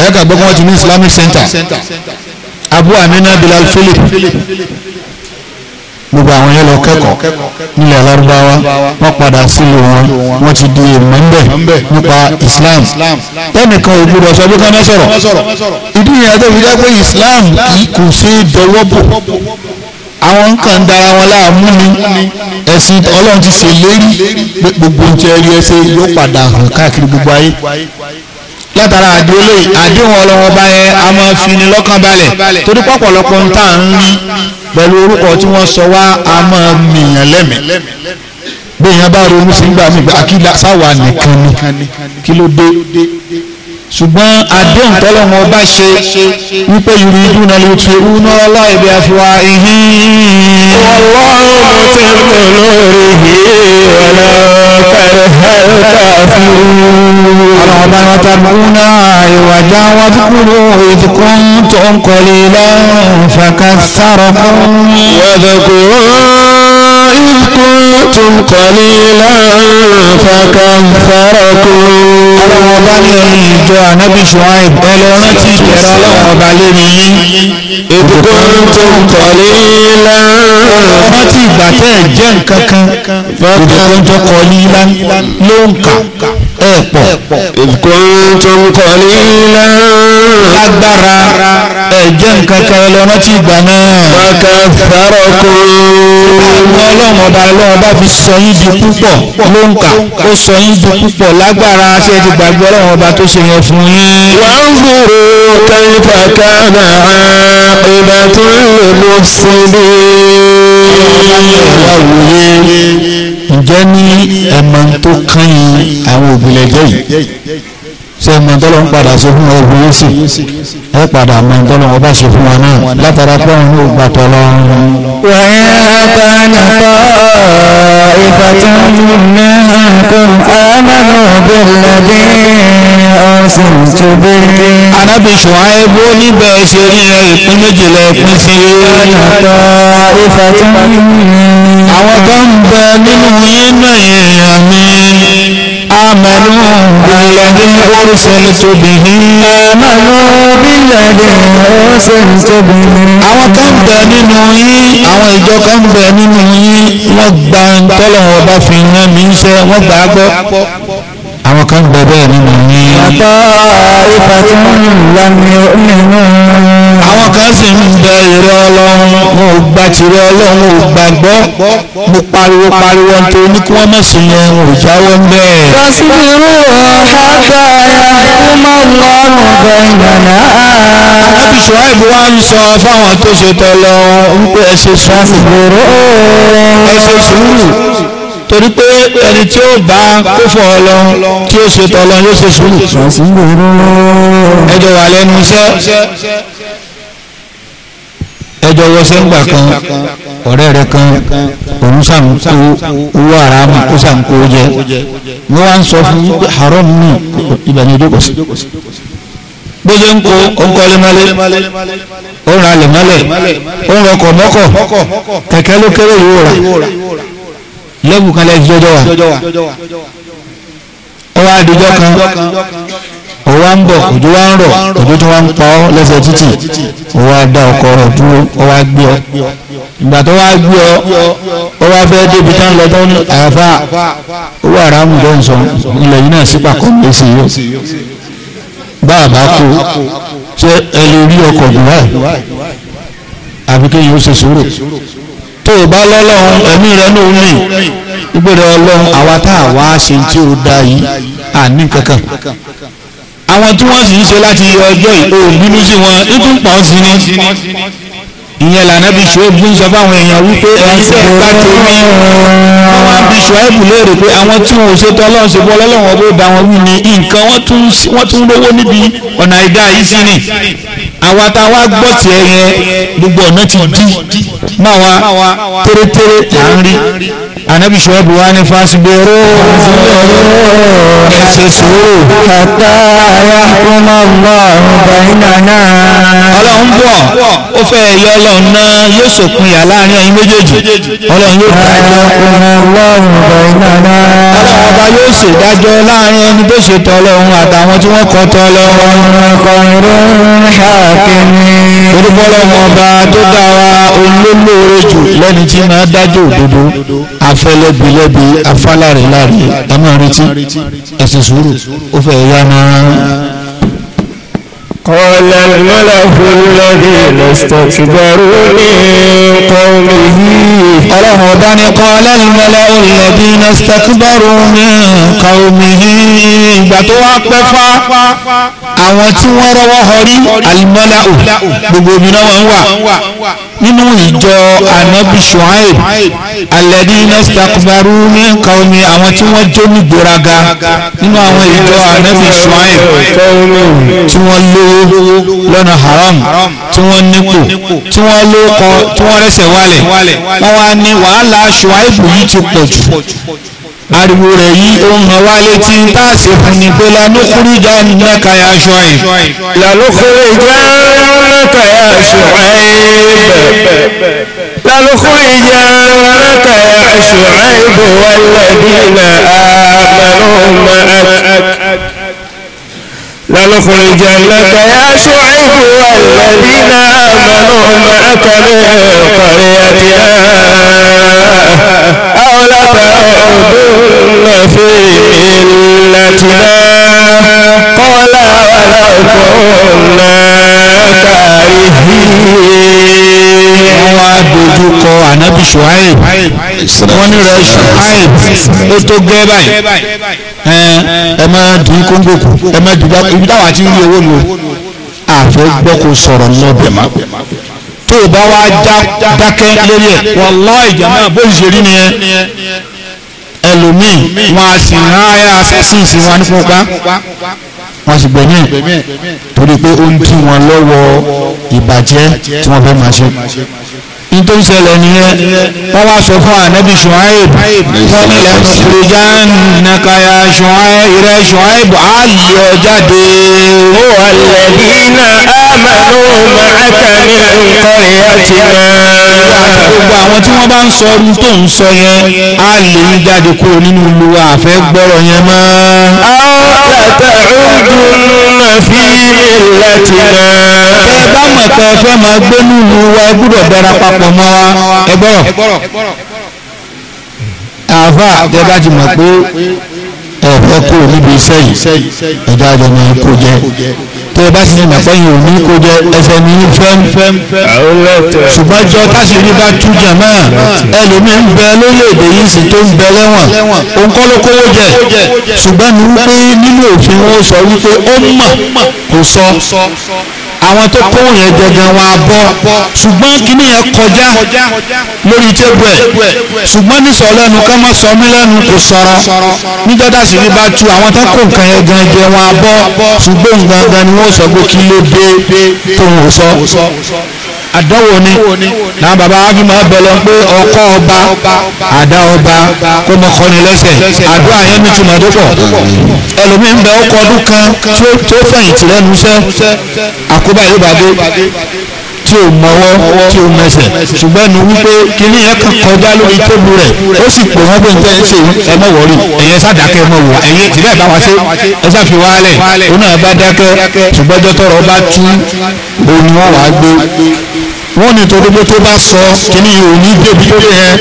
ẹ̀ka gbọ́kọ́ wọn ti ní Islamic Center abu amina bilal philip gbogbo àwọn yẹn lọ kẹ́kọ̀ọ́ nílẹ̀ alárúbáwá wọ́n padà sílùú wọn wọ́n ti di èèmọ̀ ńbẹ̀ nípa islam tẹ́nìkan ò gbúdọ̀ sọ bí kánná sọ̀rọ̀ ìdí ìyẹn tó fi jẹ́ pé islam kò ṣe é dọwọ́ bò àwọn nǹkan dára wọn láàmú ni ẹ̀sìn ọlọ́run ti ṣèlérí pé gbogbo ń tẹ́ ẹrí ẹsẹ̀ yóò padà hàn káàkiri gbogbo ayé látara àdéhùn àdéhùn ọlọ́wọ́ bá yẹn a máa fi ni lọ́kàn balẹ̀ torí pọ̀pọ̀lọpọ̀ ń tà ń rí pẹ̀lú orúkọ tí wọ́n sọ wá a mìyàn lẹ́mìí bí èèyàn bá ronú sí gbà mí sáwà nìkan ni kí ló dé ṣùgbọ́n àdéhùn tọ́lọ́mọ bá ṣe wípé yùrìdú náà ló ti rú náà láì bí afiwa ihí. ọlọ́run ti mú lórí yìí ọ̀nà kẹrẹ́kẹ́rẹ́ ọ̀nà ọba ni wọ́n ta mú náà ìwàjá wọn tó kúrò ìdíkùn tó ń kọ́lé lẹ́hìn fẹ̀kẹ́ sáró fún. wẹ́dẹ̀kùrọ́. إذ كنتم قليلا فكثركم ọlọ́run ọba ní ẹ̀yìn ìjọ ànábì ṣùháì ẹlọ rántí ìjẹ̀rọ ọlọ́run ọba lérí yín ètùkọ́ tó ń kọ̀lé ńlá rántí ìgbà tẹ́ ẹ̀ jẹ́ nǹkan kan ètùkọ́ tó kọ̀ ní ńlá ló ń kà ẹ̀ pọ̀ ètùkọ́ tó ń kọ̀lé ńlá lágbára ẹ̀jẹ̀ nǹkan kan ẹlẹ́wọ̀n ti gbà náà. Bàkà fẹ́rọ̀ kó. Àwọn ọlọ́run ọba ọlọ́run bá fi sọ yín di púpọ̀ ló ń kà. Ó sọ yín di púpọ̀ lágbára ṣé ẹ ti gbàgbé ọlọ́run ọba tó ṣe yẹn fún yín. Wọ́n ń gbòòrò kẹ́yìnfà kánà ìgbà tó ń lè mú síbi. Ọlọ́run ọba wòye ǹjẹ́ ní ẹ̀mọ́ tó kàn yín àwọn òbílẹ̀ jẹ́ yìí ṣe mọ̀ntọ́lọ́ ń padà ṣe fún ọgbọ̀n yìí sì ẹ padà mọ̀ntọ́lọ́ ọba ṣe fún wa náà látara pé òun ò gbà tọ́lọ́. wọ́n bá ní kọ́ náà kò ámàlú bẹ̀lẹ́dẹ́ ọ̀sìn tó bẹ̀rẹ̀. anábì ṣùháìbó níbẹ̀ ṣe rí ẹ ìpín méjìlá ìpín sí i. àwọn tó ń bẹ nínú yín náà yẹn àmì. آمنوا بالذي أرسلت به آمنوا بالذي أرسلت به àwọn kan bẹ nínú yín àwọn ìjọ kan bẹ nínú yín wọ́n gba ntọ́lọ́wọ́ bá fi rán mi iṣẹ́ wọ́n gbà á ọlọ́run wọn ò gba tìrẹ ọlọ́run ò gbàgbọ́ mo pariwo pariwo tó ní kí wọ́n mẹ̀sìn yẹn ò jáwọ́ ńbẹ́. lọ́sibírù ọ̀hádà ẹ̀kúmọ̀ lọ́rùn bẹ̀yànà. àbí ṣùgbọ́n wa ń sọ fáwọn tó ṣe tọ́lọ wípé ẹ ṣe sùúrù ẹ ṣe sùúrù torí pé ẹni tí ó bá kófò ọlọ tí ó ṣe tọ́lọ yóò ṣe sùúrù ẹjọ́ wà lẹ́nu iṣẹ́ jọ wọṣẹ́ ńgbà kan ọ̀rẹ́ rẹ kan òun sàn kó owó àràmù kó sàn kó jẹ wọ́n wá ń sọ fún wípé haram ní ibà ní ojú kọ̀sí gbọ́dọ̀ ń kó ọ̀nkọ́lẹ́mọ́lẹ́ ó ń ra lẹ̀mọ́lẹ̀ ó rọkọ̀ mọ́kọ̀ kẹ̀kẹ́ ló kéré ìwò rà lẹ́bùn kan lẹ́ẹ̀dì jọjọ́ wa ó àdìjọ́ kan ó wá ń bọ̀ òjò wá ń rọ̀ òjò tó wá ń pa ọ́ lẹ́sẹ̀ títì ó wá dá ọkọ̀ rọ̀ dúró ó wá gbé ọ ìgbà tó wá gbé ọ ó wá fẹ́ débi tán lọ tó ní àyàfà owó àràmù ló ń sọ ilẹ̀ yìí náà sípà kọ́ lé sí yìí báàbá kú ṣé ẹ lè rí ọkọ̀ dubai àbí kéèyàn ó ṣe sùúrù tó o bá lọ́lọ́run ẹ̀mí rẹ ní omi ìgbèrè ọlọ́run àwa tá a wá ṣe tí ó da yìí à ní kankan àwọn tí wọ́n sì ń ṣe láti ọjọ́ ìkó bínú sí wọn nítorí pọ̀ sí ni ìyẹn lànàbí ṣòébù ń sọ fáwọn èèyàn wípé ẹ̀yin bẹ́ẹ̀ bá torí àwọn àbí ṣòébù léèrè pé àwọn tí wọn ò ṣètò ọlọ́run ṣe bọ́ ọlọ́run ọgbó bá wọn wí ni nǹkan wọ́n tún rówó níbi ọ̀nà ìdá yìí sí ni àwa tá a wá gbọ́ tiẹ̀ yẹn gbogbo ọ̀nà ti di máa wa tẹ́rẹ́tẹ́rẹ́ à ń rí anabi shuaibu wa ni fasibero ẹsẹ sòrò kàtà ayáhùnmá Ọlọ́run bẹyìnàná. Ọlọ́run bọ̀ ó fẹ́ yọ Ọlọ́run náà yóò sòpin yà láàrin ẹ̀yin méjèèjì Ọlọ́run yóò dájọ́. ayáhùnmá Ọlọ́run bẹyìnàná. Ọlọ́run ọba yóò ṣèdájọ́ láàrin ẹni tó ṣe Ọlọ́run àtàwọn tí wọ́n kọ̀ tọ Ọlọ́run. ọ̀rọ̀ kọrin rẹ̀. حاكمين orúkọ ọlọ́run ọba tó dá wa olólóore jù lẹ́ni tí máa dájọ́ òdodo afẹ́lẹ́bílẹ́bí afálàrẹ̀láre ẹ máa retí ẹ̀sìn sùúrù ó fẹ́ yá náà. قال الملأ الذين استكبروا من قومه قال داني قال الملأ الذين استكبروا من قومه ìgbà tó wá pẹ́ fá الملأ gbogbo òmìnira wọn nínú ìjọ anabi shuaib alladina istakbaru min qaumi àwọn tí wọ́n jó ní gbéraga nínú àwọn ìjọ anabi shuaib tí wọ́n lówó lọ́nà haram tí wọ́n nípò tí wọ́n lóko tí wọ́n rẹsẹ̀ wálẹ̀ wọ́n wá ní wàhálà shuaib yìí ti pọ̀ jù ariwo rẹ̀ yìí ó ń hàn wá létí tá a sì fún ni pé lanúkúrújà mẹ́ka ya aṣọ àyè. lanúkúrújà mẹ́ka ya aṣọ àyè bẹ̀. lanúkúrújà mẹ́ka ya aṣọ àyè bẹ̀ wal ladina amanu ma'ak. لك يا شعيب والذين آمنوا معك من قريتنا أو لتعودن في ملتنا قال ولو كنا كارهين wá dojú kọ ànábì ṣùháìb wọ́n ní rẹ̀ ṣùháìb ó tó gẹ́ báyìí ẹ má dín kóńgò kù ẹ má dín ibi táwa ti ń rí owó lò àfẹ́ gbọ́ kó sọ̀rọ̀ náà bẹ̀ má tó o bá wá dákẹ́ lórí ẹ̀ wàláì jàmáà bó ṣe rí nìyẹn ẹlòmíì wọn a sì rán ayé assassin sí wọn ní pupa wọn sì gbẹ̀mí torí pé ó ń dí wọn lọ́wọ́ ìbàjẹ́ tí wọ́n fẹ́ máa ṣe tó ń ṣẹlẹ̀ nìyẹn wọ́n wá sọ fún ànábì ṣùháìb wọ́n ní lẹ́kùnrin nàkàyà ṣùháìb rẹ̀ ṣùháìb á yọ jáde. ó wà lẹ́bí náà á máa ń mú màákà ní nǹkan ìyá tìǹà àti gbogbo àwọn tí wọ́n bá ń sọ ọdún tó ń sọ yẹn á lè yí jáde kúrò nínú ìlú àfẹ́ gbọ́rọ̀ yẹn mọ́. àtàrúndùnúnà fi millatina. ẹ bá mọ̀ pé ẹ fẹ́ máa gbé nínú wa ẹ gbúdọ̀ dára papọ̀ mọ́ wa ẹ gbọ́rọ̀. àáfà ẹ bá ti mọ̀ pé ẹ fẹ́ kó níbi iṣẹ́ yìí ẹ jáde máa kó jẹ tó o bá ti ní nàpẹ́yìn òní kó jẹ ẹsẹ̀ ní fẹ́m ṣùgbọ́n jọ táṣe ní bá tú jàmá ẹlòmíín ń bẹ lórílẹ̀ yìí sì tó ń bẹ lẹ́wọ̀n òun kọ́ ló kówó jẹ ṣùgbọ́n ní wípé nínú òfin wọn sọ wípé ó mọ̀ kò sọ àwọn tó kówó yẹn jẹgàn wọn abọ́ ṣùgbọ́n kíní yẹn kọjá lórí tébù ẹ̀ ṣùgbọ́n nísọ̀ lẹ́nu ká má sọ mí lẹ́nu kò sọ̀rọ̀ níjọ́dá sì ní bá tu àwọn tó kó nǹkan yẹn gan jẹ wọn ṣùgbọ́n gangan ni wọ́n sọ pé kí ló dé tóun sọ àdánwò ni náà bàbá wa fi máa bẹ̀lọ pé ọkọ ọba àdá ọba kó mọ kọ́ni lẹ́sẹ̀ àdúrà yẹn ní tùmọ̀ tó pọ̀ ẹlòmíì ń bẹ ọkọ̀ ọdún kan tó fẹ̀yìntì lẹ́nu iṣẹ́ àkóbá yóò bá tí o mọwọ́ tí o mẹsẹ̀ ṣùgbọ́n ẹnu wípé kíní yẹn kan kọjá lórí tóbu rẹ̀ ó sì pò wọ́n pé n tẹ́ ń ṣe ẹ mọ̀ wọ́rí ẹ̀yẹ sàdákẹ́ mọ̀ wọ́ ẹ̀yẹ tìlẹ̀ bá wa ṣe ẹ sàfi wálẹ̀ ó náà bá dákẹ́ ṣùgbọ́n jọ́tọ̀rọ̀ bá tú òun wọn wàá gbé wọ́n ní torí pé tó bá sọ kíní yìí ò ní débi pé yẹn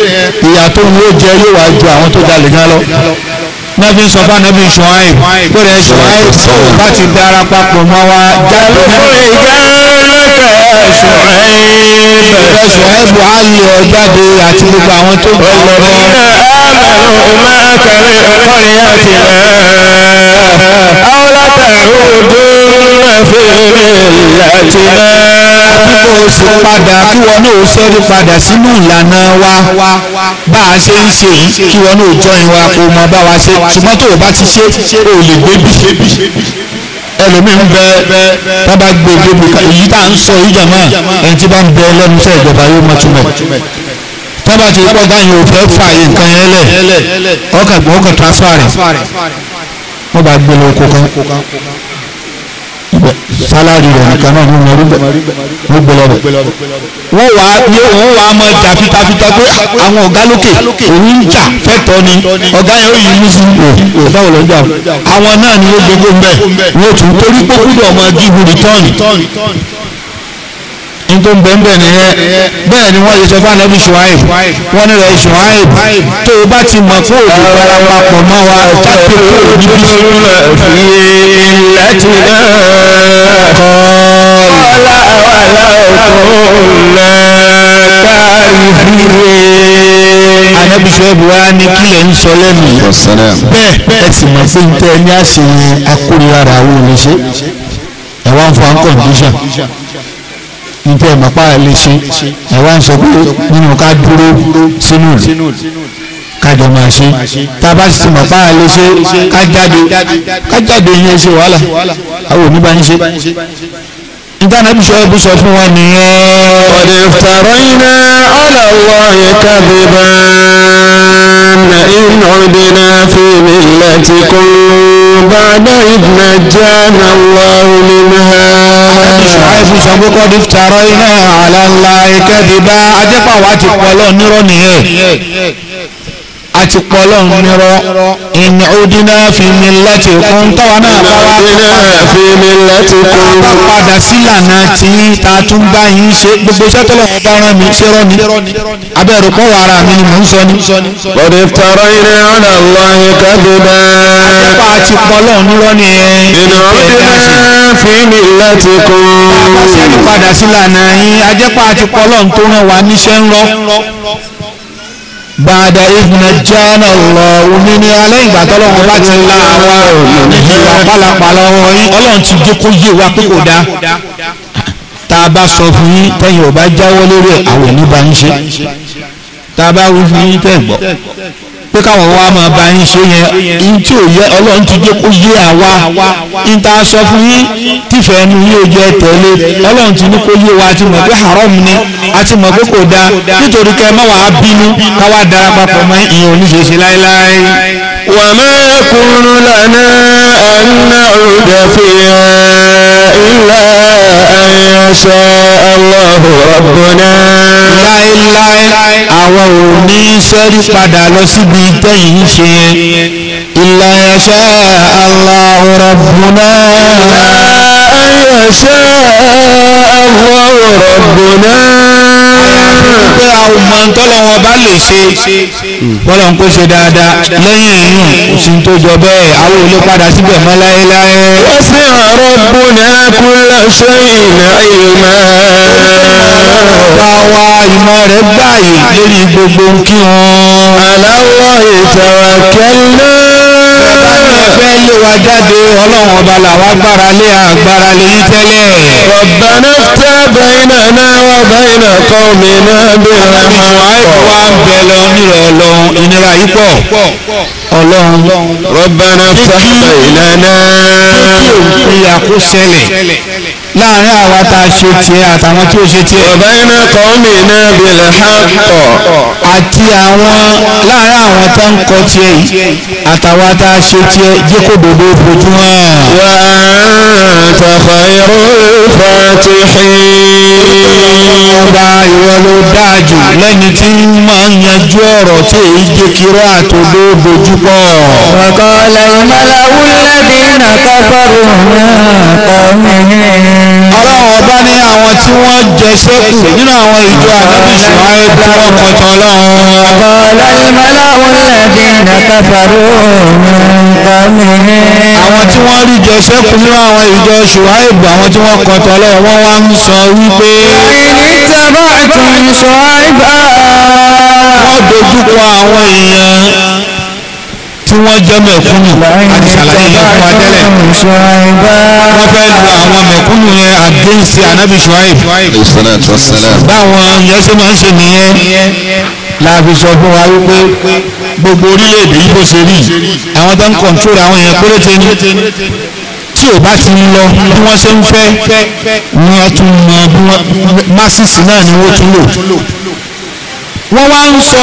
ìyá tó ń wó jẹ yóò wá ju àwọn tó jalè gan lọ nàbí sọ fún anabi ṣùháìb pé rẹ ṣùháìb bá ti dára papọ̀ mọ́ wa jáde náà. ṣùháìb ṣùháìb á lè ọ jáde àti gbogbo àwọn tó gbà lọ bọ́. ọlọ́run máa kàrí ọ̀rẹ́ àti rẹ̀. àwọn látàrí odò. mílẹ̀tìnà. Àbíkó oṣù padà kí wọn padà sínú wa bá a ṣe ń ṣe yìí kí wọn náà jọyìn wa kó mọ bá wa ṣe ṣùgbọ́n tó o bá ti ṣe o lè gbé bí bẹ tábà gbé èyí tá à ń sọ yìí ẹni tí bá ń bẹ lẹ́nu iṣẹ́ ìjọba lọ kan. sálárì rẹ̀ nìkan náà ní wọn rí wọn gbé lọ bẹ̀. wọ́n wá bí wọ́n wá mọ jà fitafita pé àwọn ọ̀gá lókè òun ń jà fẹ́tọ́ ni ọ̀gá yẹn ó yí ní sí o báwo lọ jà àwọn náà ni ó gbogbo ń bẹ̀ wọ́n tún torí pé kúndùn ọmọ gígùn rìtọ́ọ̀nì n tó ń bẹ̀ ń nìyẹn bẹ́ẹ̀ ni wọ́n yìí sọ fún anabi shuaib wọ́n ní rẹ̀ shuaib tó o bá ti mọ̀ fún òògùn parapapọ̀ mọ́ wa jáde kúrò níbi. ìlàtí náà. kúnlẹ̀ káàrífìrè. Ànábì Ṣuaibu wa ní kílẹ̀ ń sọ lẹ́nu. Bẹ́ẹ̀ ẹ sì mọ̀ pé ń tẹ́ ní àṣeyẹ akórìíra àwọn oníṣẹ́. Ẹ wá ń fọ àǹkọ̀ǹdíṣà nítorí ẹ̀ mọ̀pá lè ṣe ẹ̀ wá ń sọ pé nínú ká dúró sínú rẹ̀ kájọ máa ṣe tá a bá sì mọ̀pá lè ṣe ká jáde ká jáde yẹn ṣe wàhálà àwọn oníbàá ń ṣe nígbà náà bíṣọ́ ẹbí sọ fún wọn nìyẹn. ọ̀dẹ̀ ìfàrọ̀ iná ọ̀làwọ̀ ìkàbí bá na iná ọ̀dẹ̀nà fíìmì láti kún bá dá ìdùnnà já na omi náà. àbíṣọ́ ẹbí sọ pé kọ́dí ìfàrọ̀ iná ọ̀làwọ̀ ìkàbí bá ajẹ́pàwá ti pọ̀ lọ́ọ̀ nírọ̀ nìyẹn àti pọ̀lọ́n nírọ́ ìnìcúdínà fi millati kún táwa náà bá wá bá padà sílànà tí ta tún bá yín ṣe gbogbo iṣẹ́ tó lọ́wọ́ bá rán mi ṣe rán mi abẹ́rù kọ́ wa mi ni mò ń sọ ni. lọ́dẹ tọrọ ilé ọ̀nà lọ́hìn kábíbá. àjẹpá àti pọ̀lọ́n nírọ́ ni ẹ. ìnìcúdínà fi millati kún. bá a bá ṣẹ́ni padà sílànà yín àjẹpá àti pọ̀lọ́n tó rán wa níṣẹ́ ń rọ́ bàdà ìgbìnà jáná lọ omi ní alẹ́ ìgbà tọ́lọ́wọ́ bá ti la àwa ìwà pálapàla wọn yín ọlọ́run ti jẹ́ kó yé wa pé kò dá tá a bá sọ fún yín tẹ́yìn ò jáwọ́ lórí àwọn ò tá a bá wí fún yín tẹ́ gbọ́ pé káwọn wa máa bá yín ṣe yẹn yín tí ò yẹ ọlọ́run ti jẹ́ kó yé àwa yín tá a sọ fún yín tífẹ̀ẹ́ nu yín ò jẹ́ tẹ̀lé ọlọ́run ti ní kó yé wa ti mọ̀ pé haram ni a mọ̀ pé kò dáa nítorí kẹ́ ẹ má wàá bínú káwá darapapọ̀ mọ́ ìyẹn ò ní ṣe ṣe láéláé. وما يكون لنا أن نعود فيها إلا أن يشاء الله ربنا láéláé àwọn ò ní sẹ́rí padà lọ síbi tẹ́yìn ń ṣe yẹn ìlà ẹ̀ṣẹ́ Allahu Rabbuna ẹ̀ṣẹ́ Allahu Rabbuna pé àwọn ọmọ tọ́lọ́wọ́n bá lè ṣe bọ́lá ń kó ṣe dáadáa lẹ́yìn ìyún òsì tó jọ bẹ́ẹ̀ àwọn olè padà síbẹ̀ mọ́ láéláé. wọ́n sì rabbuna kulla shay'in ilma. báwa ìmọ̀ rẹ̀ gbààyè lórí gbogbo nkí wọn. ala Allahi tawakkalna fẹ́ lé wa jáde ọlọ́run ọba làwa gbára lé agbára lé yín tẹ́lẹ̀. Rabbana iftah baynana wa bayna qawmina birrahmatika. àwọn àìkú wa ń bẹ lọ nílò ọlọ́run ìnira yìí pọ̀. ọlọ́run Rabbana iftah baynana. kí kí òkú yà kó ṣẹlẹ̀ láàrin àwa tá a ṣe tiẹ̀ àtàwọn tí ó ṣe tiẹ̀. ọ̀bá iná kan mi náà bilẹ̀ hákọ̀. àti àwọn láàrin àwọn tó ń kọ tiẹ̀ yìí àtàwa tá a ṣe tiẹ̀ jẹ́ kó dòdò fojú hàn. wà á tọkọ irú fatihin. ọba ìwọ ló dáa jù lẹ́ni tí máa ń yanjú ọ̀rọ̀ tí èyí jẹ́ kíró àtòdó dojú pọ̀. ọ̀kọ̀ lẹ́yìn mọ́lá wúlẹ́dínà kọ́kọ́rù náà kọ́ mi ọlọ́run ọba ní àwọn tí wọ́n jẹ ṣẹ́kù nínú àwọn ìjọ ànábì ṣùgbọ́n tí wọ́n kọjọ ọlọ́run. ọ̀pọ̀lọ́ ìmọ̀láwọn lẹ́dínà káfàró àwọn tí wọ́n rí jẹ ṣẹ́kù nínú àwọn ìjọ ṣùháìbù àwọn tí wọ́n kọjọ ọlọ́run wọ́n wá ń sọ wípé. ìní tẹ́bà ìtàn ìṣọ́ àìbá. wọ́n dojú kọ àwọn èèyàn tí wọ́n jẹ́ mẹ̀kúnnù àti ṣàlàyé fún wa tẹ́lẹ̀ wọ́n lu àwọn mẹ̀kúnnù yẹn àdéhùnsí ànábì ṣùáìb báwọn yẹn ṣe máa ń ṣe nìyẹn láàbí sọ fún wa wípé gbogbo orílẹ̀-èdè yìí bó ṣe rí àwọn tó ń kọ̀ǹtúrò àwọn èèyàn péréte ni tí ò bá ti ń lọ bí wọ́n ṣe ń fẹ́ wọ́n tún mọ bí wọ́n másìsì náà ni wọ́n tún lò wọ́n wá ń sọ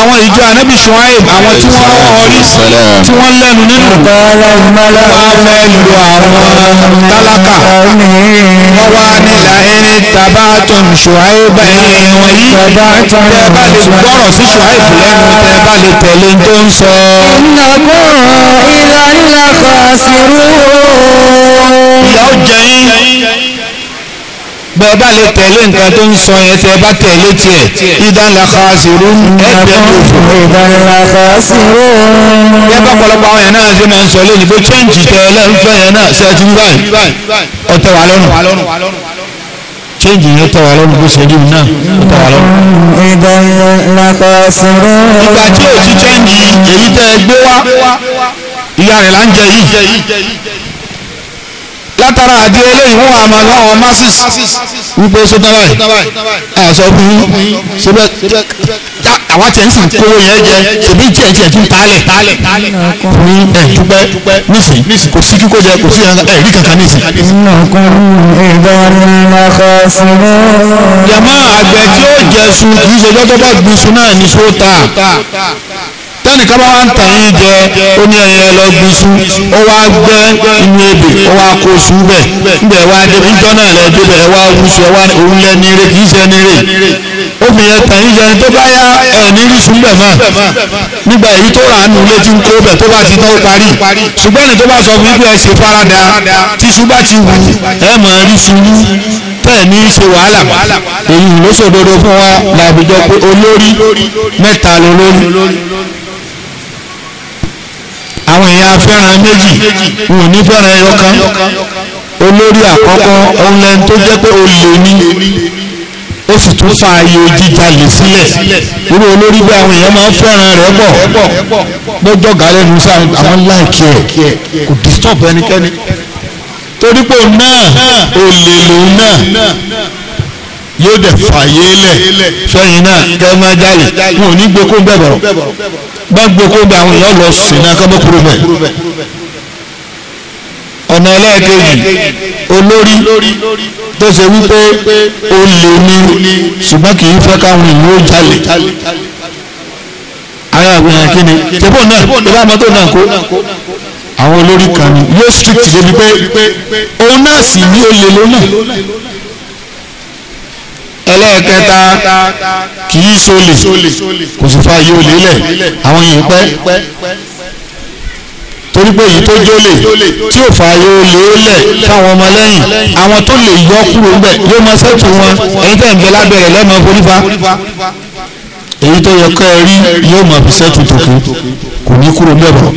àwọn ìjọ ànábì Ṣuaib àwọn tí wọ́n rán ọ rí tí wọ́n lẹ́nu nínú wọ́n fẹ́ lu àwọn tálákà wọ́n wá nílà ẹni tabatum Ṣuaib ẹ̀yìn wọ̀nyí tẹ́ bá lè gbọ́rọ̀ sí Ṣuaib lẹ́nu tẹ́ bá lè tẹ̀lé tó ń sọ. ìnàkó ìlànà kọ̀ọ̀sì rú. ìyá ó yín bẹ́ẹ̀ bá lè tẹ̀lé nǹkan tó ń sọ yẹn tẹ́ bá tẹ̀lé tiẹ̀ ìdánláka sírú ẹ̀ẹ́dẹ́gbẹ̀fọ́. ìdánláka sírú. bẹ́ẹ̀ bá pọ̀lọpọ̀ àwọn yẹn náà ṣe máa ń sọ lónìí pé chẹ́ǹjì tẹ ẹlẹ́nfẹ́ yẹn náà ṣe ti ń báyìí ọ̀tẹ̀ wà lọ́rùn. chẹ́ǹjì yẹn tẹ̀ wà lọ́rùn bó ṣe rí látara àdé eléyìí wọn àmọ lọ́wọ́ masis wípé sọtara yìí ẹ sọ fún yín síbẹ̀ àwa tẹ̀ ń sàn kówó yẹn jẹ ṣèbí tiẹ̀ tiẹ̀ tún taalẹ̀ fún yín ẹ dúpẹ́ nísìn kò sí kíkó jẹ kò sí ẹ rí kankan nísìn. jama àgbẹ̀ tí ó jẹ sun kì í ṣe lọ́jọ́ bá gbin sun náà ní sóòtà tẹ́nìkan bá wà ń tàn yín jẹ ó ní ẹyẹ lọ gbísú ó wá gbẹ́ inú ebè ó wá kó sú bẹ̀ ńbẹ̀ wá dé ńjọ́ náà lẹ dé bẹ̀ ẹ wá wúṣọ wá òun lẹ ní ire kì í ṣe ní ire ó fi yẹn tàn yín jẹ tó bá yá ẹ ní rí sú bẹ̀ mọ́ nígbà èyí tó rà nù lé ti ń kó bẹ̀ tó bá ti tán parí ṣùgbọ́n ní tó bá sọ fún bí ẹ ṣe farada tí sú ti wù ẹ mọ̀ rí sú bẹ́ẹ̀ ní í ṣe wàhálà èyí ló ṣòdodo fún wa làbíjọ pé olórí mẹ́ta lolórí àwọn èèyàn afẹ́ràn méjì wọn ò ní fẹ́ràn ẹyọ kan olórí àkọ́kọ́ ọ̀nlẹ́n tó jẹ́ pé olè ní ó sì tún fa ayò jíjalè sílẹ̀ irú olórí bí àwọn èèyàn máa ń fẹ́ràn rẹ̀ pọ̀ gbọ́jọ́ gàlẹ́ nu sáà àwọn láìkí ẹ̀ kò disturb ẹnikẹ́ni torí pé náà olè lòun náà yóò dẹ̀ fàyè lẹ̀ fẹ́yìn náà kẹ́ máa jalè wọn ò ní gbé bẹ̀ bọ̀rọ̀ bá gbogbo bí àwọn èèyàn lọ sùn náà kọ́ bó kúrò bẹ́ẹ̀ ọ̀nà ẹlẹ́ẹ̀kejì olórí tó ṣe wípé ó lè ní ṣùgbọ́n kì í fẹ́ káwọn èèyàn ó jalè ara àgbẹ̀yàn kí ni tẹ́bọ̀ náà ìbá mọ́tò náà kó àwọn olórí kan ni yóò strict débi pé òun náà sì ní olè lónà ẹlẹ́ẹ̀kẹta kì í ṣolè kò sì fa iye olè lẹ̀ àwọn yìí pẹ́ torí pé èyí tó jólè tí ò fa iye olè lẹ̀ fáwọn ọmọ lẹ́yìn àwọn tó lè yọ kúrò ńbẹ̀ yóò mọ sẹ́tù wọn èyí tẹ̀ ń bẹ lábẹ́rẹ̀ lẹ́mọ̀ forífa èyí tó yẹ kọ́ ẹ rí yóò mọ̀ fi sẹ́tù tòkè kò ní kúrò mẹ́bọ̀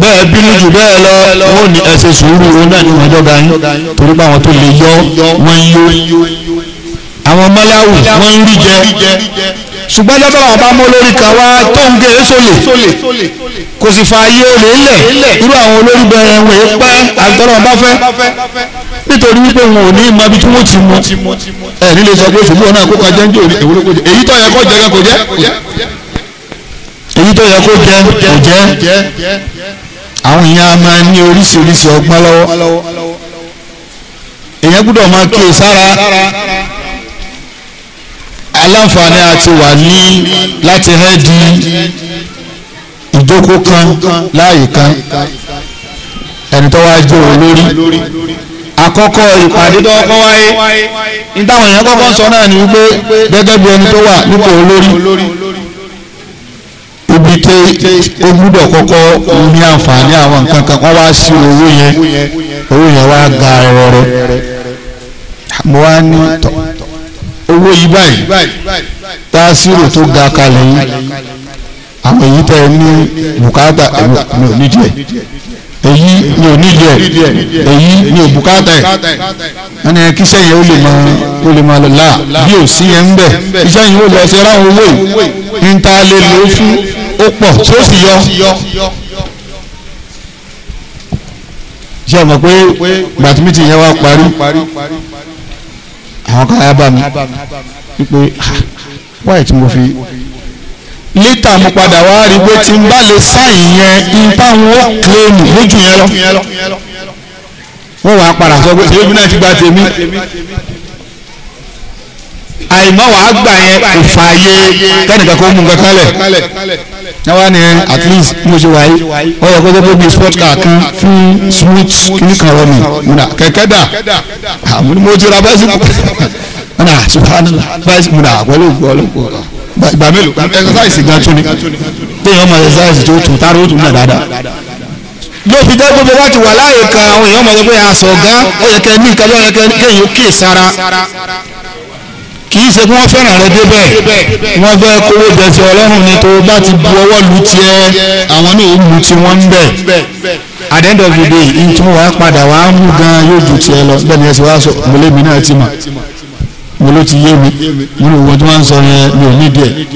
bẹ́ẹ̀ bínú jù bẹ́ẹ̀ lọ wọ́n ní ẹ ṣe sùúrù onáà ní ìwọ̀njọ́ ga yín torí pé àwọn tó lè yọ wọ́n yó àwọn mọ́láwù wọ́n ń rí jẹ ṣùgbọ́n lọ́dọ̀ àwọn bá mọ́ lórí kan wá tó ń gé e sólè kò sì fa ayé olè ńlẹ̀ irú àwọn olórí bẹ̀rẹ̀ wọn èé pẹ́ àtọ́rọ̀ bá fẹ́ nítorí wípé wọn ò ní ìmọ̀ ibi tí wọ́n ti mú ẹ̀ nílé sọ pé ṣùgbọ́n náà kó ka jẹ́ ń jò èyí tó yẹ kó jẹ kó jẹ́ èyí tó yẹ kó jẹ kó jẹ́ àwọn èèyàn a máa ní oríṣiríṣi ọgbọ́n lọ́wọ́ èèyàn gbọ́dọ̀ máa kíyè sára aláǹfààní àti wà ní láti hẹ́ẹ̀dì ìjókòó kan láàyè kan ẹni tó wá jẹ́ olórí àkọ́kọ́ ìpàdé tó kọ́ wáyé ìtàwọn èèyàn kọ́kọ́ sọ náà ni wípé gẹ́gẹ́ bí ẹni tó wà nípò olórí ibi tẹ ó gbúdọ̀ kọ́kọ́ ní àǹfààní àwọn nǹkan kan wọ́n wá sí owó yẹn owó yẹn wá ga mo wá ní tọ́ owó yìí báyìí tásírò tó ga kalẹ̀ yìí àwọn èyí tẹ́ ní Bukata, mi ò nídìí ẹ̀ èyí mi ò nídìí ẹ̀ èyí mi ò bùkátà ẹ̀ wọ́n ní kíṣẹ́ yẹn ó lè máa ó lè máa lọ là bí ò sí yẹn ń bẹ̀ iṣẹ́ yẹn ó lọ ṣe ráhùn owó yìí ń ta lè lò ó fún ó pọ̀ tí sì yọ ṣé o mọ̀ pé gbàtúmítì yẹn wá parí àwọn kan yá bá mi wípé wáyé tí mo fi lítà mo padà wá rí pé tí n bá lè sáyìn yẹn n táwọn ó kílèmù lójú yẹn lọ wọ́n wàá padà sọ pé ṣé ibi náà ti gba tèmi àìmọ́ wàá gbà yẹn kò fààyè kẹ́nìkan kó mú nǹkan kálẹ̀ ní wàá ní at least mo ṣe wáyé ó yẹ kó tó kó bí sport car kan fún switch kìíní kan rọ mi múna kẹ̀kẹ́ dà àmú ni mo ti ra báyìí múna ah, subhanallah báyìí múna àgbọ̀lẹ̀ ògbọ̀lẹ̀ ògbọ̀lẹ̀ ìgbà mélòó exercise gan tún ni bí èèyàn mọ exercise tó tún táró tún náà dáadáa yóò fi jẹ́ gbogbo láti wà láàyè kan àwọn èèyàn mọ̀ pé aṣọ ah, ọ̀gá ó yẹ kẹ́ ní ìkàlẹ́ ó yẹ kẹ́ kéèyàn kíyèsára kì í ṣe kí wọ́n fẹ́ràn rẹ débẹ̀ wọ́n fẹ́ kówó dẹsẹ̀ ọlọ́run ni tó bá ti bu ọwọ́ lu tiẹ̀ àwọn ní ìlú tí wọ́n ń bẹ̀ at the end of the day ìtún wa padà wà á mú gan yóò ju tiẹ̀ lọ bẹ́ẹ̀ ni ẹ sì wá sọ mọ̀lẹ́bí náà ti mà mo ló ti yé mi mo ní òwò tí wọ́n ń sọ yẹn mi ò nídìí ẹ̀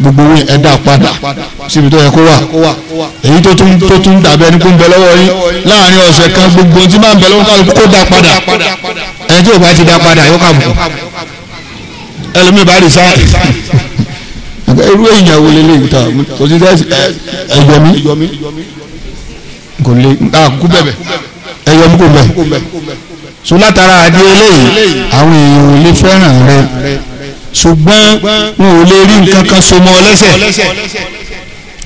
gbogbo owó ẹ dá padà síbi tó yẹ kó wà èyí tó tún tó tún dàbẹ ní kó ń bẹ lọ́wọ́ yín láàrin ọ̀sẹ̀ kan gbogbo tí máa ń bẹ lọ́wọ́ kó dá padà ẹni tí ò bá ti dá padà yóò kà bùkún ẹlòmíì bá rí sáà irú èèyàn wo lè léyìí tán kò sí ẹyọ mi kò lè kú bẹ̀bẹ̀ ẹyọ mi kò bẹ̀ so látara adé eléyìí àwọn èèyàn ò lè fẹ́ràn rẹ ṣùgbọ́n wọn ò lè rí nǹkan kan so mọ́ ọ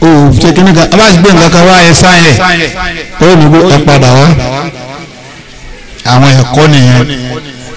o ṣe kí nìkan a bá ti gbé nǹkan kan wá ẹ sáyẹn ó ní kó ẹ padà wá àwọn ẹ̀kọ́ nìyẹn.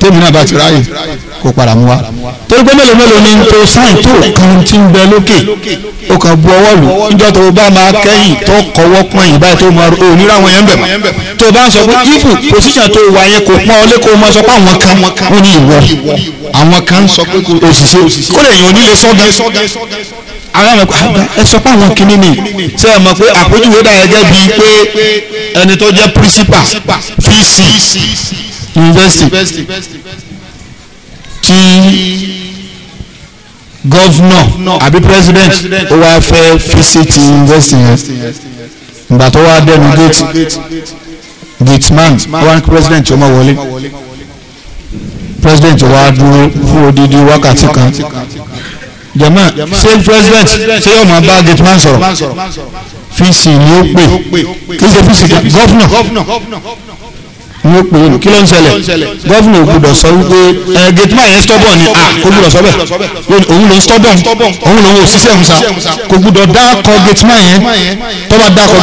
tèmi náà bá ti ráyè kó padà mú wa torí pé mélòó mélòó ni tó sáyìn tó kan ti ń bẹ lókè ó kàn bu ọwọ́ lù níjọ́ tó bá máa kẹ́yìn tó kọ́wọ́ pọ́n yìí báyìí tó máa ò níra wọn yẹn ń bẹ̀ mọ́ tó bá ń sọ pé ifu position tó wà yẹn kò pọ́n ọlé kó máa sọ pé àwọn kan ó ní ìwọ àwọn kan sọ pé òṣìṣẹ́ kó lè yàn onílé sọ́dá àwọn àmọ̀ ah, ẹ sọ pé àwọn kìíní ni ṣé ẹ mọ̀ pé àpèjúwe dà gẹ́gẹ́ bíi pé ẹni tó jẹ́ principal pc yunifásitì kí gọ́fúnà àbí pírẹsidẹ́ǹtì ó wá fẹ́ fisiti yunifásitì yẹn ìgbà tó wá dẹnu géètì géètì man ó wá ní President, ó má wọlé president wa dúró fún odidi wákàtí kan jama ṣé president ṣé yóò máa bá gateman sọ̀rọ̀ fíìsì ni ó pè kí ṣe fíìsì gọ́fúnà ní pé nù kí ló ń ṣẹlẹ̀ gọ́fìnà ògbúdọ̀ sọ wípé ẹ gẹ̀tìmá yẹn stọ́bọ̀ ni à ah, kó gbúdọ̀ sọ bẹ́ẹ̀ òun ló ń stọ́bọ̀ òun ló ń òṣìṣẹ́ musa kò gbúdọ̀ dákọ̀ gẹ̀tìmá yẹn tó bá dákọ̀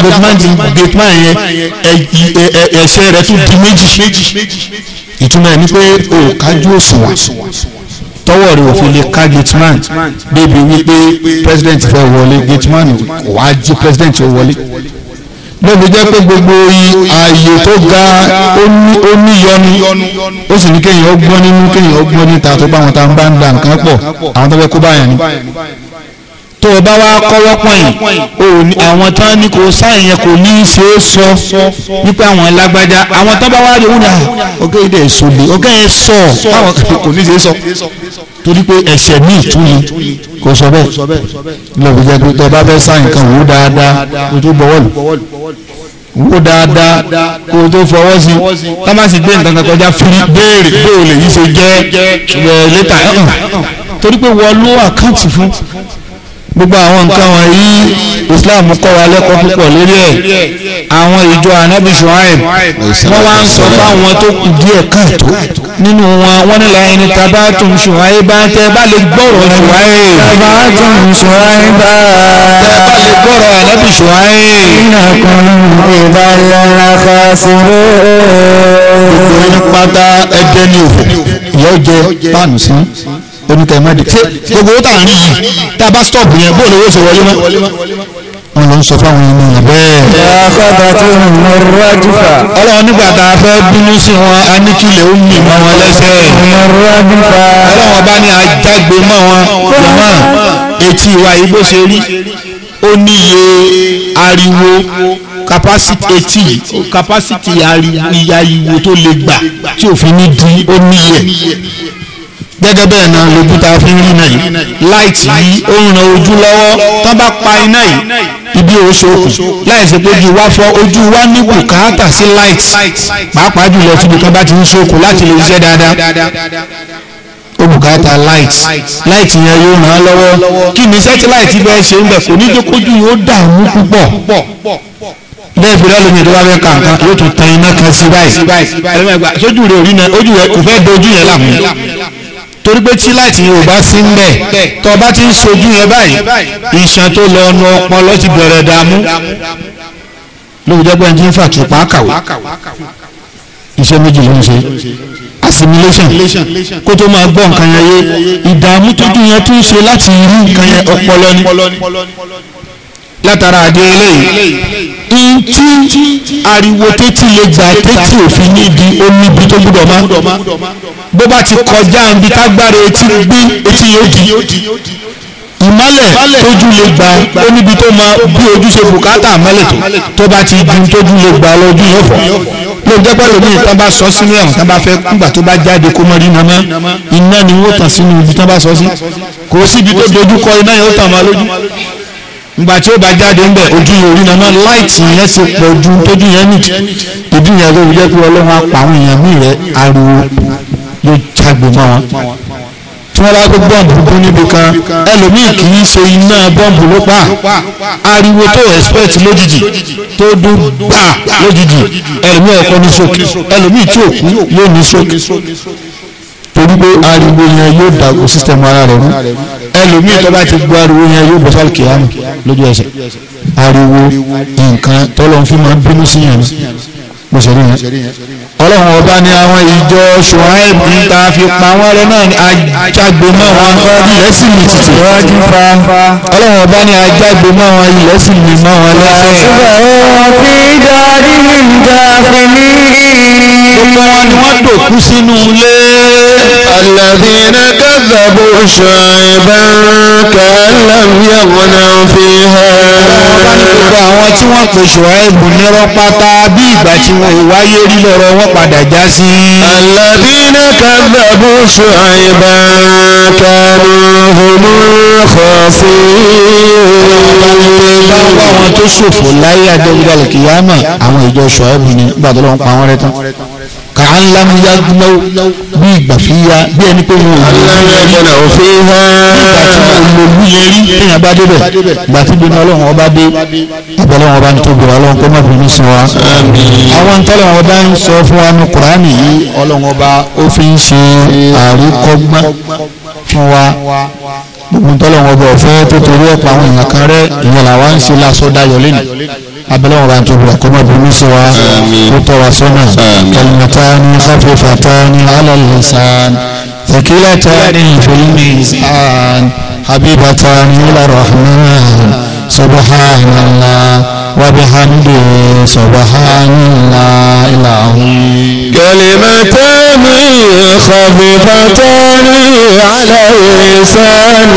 gẹ̀tìmá yẹn ẹ̀ṣẹ̀ rẹ̀ tún di méjì ìtumọ̀ ẹ̀ ni pé òkájú òṣùwọ̀n tọwọ́ rẹ̀ òfin lè ká gateman débi wípé president fẹ́ wọlé man wàá jí president wọlé lóbi jẹ́ pé gbogbo ààyè tó ga ó níyọnu ó sì ní kéèyàn ó gbọ́n nínú kéèyàn ó gbọ́n níta tó bá wọn ta bá ń da nǹkan pọ̀ àwọn tó fẹ́ kó báyẹn ni tó o bá wá kọ́wọ́ pọ̀yìn àwọn tán ní kò sáyìn yẹn kò ní í ṣe é sọ nípa àwọn lágbájá àwọn tán bá wá rí òun ọgá yìí dẹ̀ sọlẹ̀ ọgá yẹn sọ àwọn kò ní í ṣe é sọ torí pé ẹ̀ṣẹ̀ míì tún ni kò sọ bẹ́ẹ̀ lọ́ọ̀bù jẹ́ pé tọ́ bá fẹ́ sáyìn kan wò ó dáadáa kó tó bọ́wọ́lù wó dáadáa kó tó fọwọ́ sí tá má sì gbé nǹkan kọjá fún béèrè bó o ṣe jẹ́ lẹ́tà torí pé wọ́n ló àkáǹtì fún gbogbo àwọn nǹkan wọ̀nyí islam kọ́ wa lẹ́kọ̀ọ́ púpọ̀ lórí ẹ̀ àwọn ìjọ anabi shuaib wọ́n wá ń sọ fáwọn tó kù díẹ̀ káàtó nínú wọn wọ́n ní láyé ní tabatum shuaib bá tẹ bá lè gbọ́rọ̀ shuaib. tabatum shuaib bá lè gbọ́rọ̀ anabi shuaib. ìnàkùn ìbálẹ̀ àkàṣírò. gbogbo ẹni pátá ẹgbẹ́ ní òfò yóò jẹ páànù sí oníkẹ́ má dìde gbogbo owó tà ń rí yìí tá a bá stop yẹn bóòlù owó ṣe wọlé mọ́ wọn lọ sọ fáwọn ẹni yẹn bẹ́ẹ̀. ìyáfẹ́ta tó ń mọ̀rọ̀ àdúrà. ọlọ́run nígbà tá a fẹ́ bínú sí wọn a ní kí lè ó mì mọ́ wọn lẹ́sẹ̀. mọ̀rọ̀ àdúrà. ọlọ́run bá ní ajágbe mọ́ wọn jọ̀mọ́ etí wa yìí bó ṣe rí ó níye ariwo capacity etí capacity ariwo tó lè gbà tí òfin ní di ó níye gẹ́gẹ́ bẹ́ẹ̀ náà lójú ta fi ń rí náà yìí láìtì yìí ó ń ran ojú lọ́wọ́ tó bá pa iná yìí ibi òṣòkù láìsí pé ojú wa fọ ojú wa ní bùkátà sí láìtì pàápàá jùlọ tí nìkan bá ti ń ṣòkù láti lè ṣiṣẹ́ dáadáa ó bùkátà láìtì láìtì yẹn yóò ràn án lọ́wọ́ kí ni sẹ́tíláìtì bẹ́ẹ̀ ṣe ń bẹ̀ kò ní jẹ́ kójú yóò dààmú púpọ̀ bẹ́ẹ̀ fi lọ́lọ́mì tó bá fẹ́ kà nǹkan yóò tún tan iná kan sí báyìí sójú rẹ̀ òrí náà ojú rẹ̀ kò fẹ́ dojú yẹn láàmú torí pé tí láìtì yẹn ò bá sí ń bẹ̀ tó o bá ti ń sojú yẹn báyìí ìṣàn tó lọ ọ̀nà ọpọlọ ti bẹ̀rẹ̀ dààmú lóòjọ́gbọ́n ti ń fà tùpá kàwé iṣẹ́ méjì ló ń ṣe assimilation kó tó máa gbọ́ nǹkan yẹn yé ìdààmú tó dùn yẹn tó ń ṣe láti irú nǹkan yẹn ọpọlọ ni látara àdé eléyìí ntí ariwo tètè lè gbà tètè òfin níbi omi tó gbúdọ̀ má bó bá ti kọjá ibi tágbára etí gbé etí yóò di ìmọ́lẹ̀ tójú lè gbà ó níbi tó máa bí ojú ṣe bùkátà mọ́lẹ̀ tó tó bá ti ju tójú lè gbà lọ́dún yóò fọ́ ló jẹ́ pẹ́ lómi ìtàn bá sọ sínú ẹ̀wọ̀n tán bá fẹ́ kúgbà tó bá jáde kó mọ́ rí nàmá iná ni wọ́n tàn sínú ibi tán bá sọ sí kò síbi tó dojú kọ iná yẹn ó tàn máa lójú ìgbà tí ó bá jáde ńbẹ ojú orí náà láìtì yẹn ti pọ̀ ju tójú yẹn nìkí ìdí yẹn ló jẹ́ pé ọlọ́run apá àwọn èèyàn mí rẹ̀ ariwo yóò jágbe mọ́ wọn tí wọ́n bá gbé bọ́ǹbù gún níbi kan ẹlòmíì kì í ṣe iná bọ́ǹbù ló pa ariwo tó expect lójijì tó dún gbà lójijì ẹlòmíì ọkọ ní sókè ẹlòmíì tí ò kú yóò ní sókè torí pé ariwo yẹn yóò da kó sísítẹ̀mù ara rẹ̀ mú ẹlòmíì tó ti gbọ́ ariwo yẹn yóò bọ́ sálì kìámù lójú ẹsẹ̀ ariwo nǹkan tọ́lọ́ fi máa ń bínú sí yẹn ni yẹn ọlọ́run ọba ni àwọn ìjọ ṣùháìb ń ta fi pa wọ́n rẹ náà ni ajágbe mọ́ wọn ilẹ̀ sì mì tìtì ọlọ́run ọba ni ajágbe mọ́ wọn ilẹ̀ sì mì mọ́ wọn lẹ́sẹ̀. ṣùgbọ́n wọn fi dárí ní ìjà fún mi. gbogbo wọn ni wọ́n dòkú sínú ilé. الذين كذبوا شعيبا كأن لم يغنوا فيها. ọlọ́run ọba ni gbogbo àwọn tí wọ́n pe ṣùháìb nírọ́ pátá bí ìgbà tí wọ́n wáyé rí lọ́rọ̀ wọn padà já sí. alladhina kadhabu shu'ayban kanu humul khasirin. báwọn tó ṣòfò láyé àdébùdàlẹ̀ kìyàmà àwọn ìjọ ṣọ̀ẹ́bù ni gbàdúrà pa wọ́n rẹ́ tán alámúyá gbọ́ bí ìgbà fi ya bí ẹni pé wọn ò lè rí rí nígbà tí mo lò wí yẹn rí téèyàn bá débẹ̀ ìgbà tí bímọ ọlọ́run ọba dé ìbẹ̀lẹ̀ wọn ọba ń tóbi ọlọ́run kó má fi mí sìn wa. àwọn ntọ́lọ̀ wọn bá ń sọ fún wa ní kùránì yìí ọlọ́run ọba ó fi ń ṣe àríkọ́gbọ́n fún wa gbogbo ntọ́lọ̀ wọn bọ̀ fẹ́ tó torí ọ̀pọ̀ àwọn èèyàn kan rẹ̀ ìyẹn làwọn ń ṣe lásọdayọ̀ lẹ́nu. أبلغ أن تبلغكم بمسوى متواصلة كلمتان خفيفتان على اللسان ثقيلتان في الميزان حبيبتان إلى الرحمن سبحان الله وبحمده سبحان الله العظيم كلمتان خفيفتان على اللسان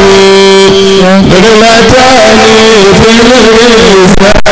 نغمتان في الميزان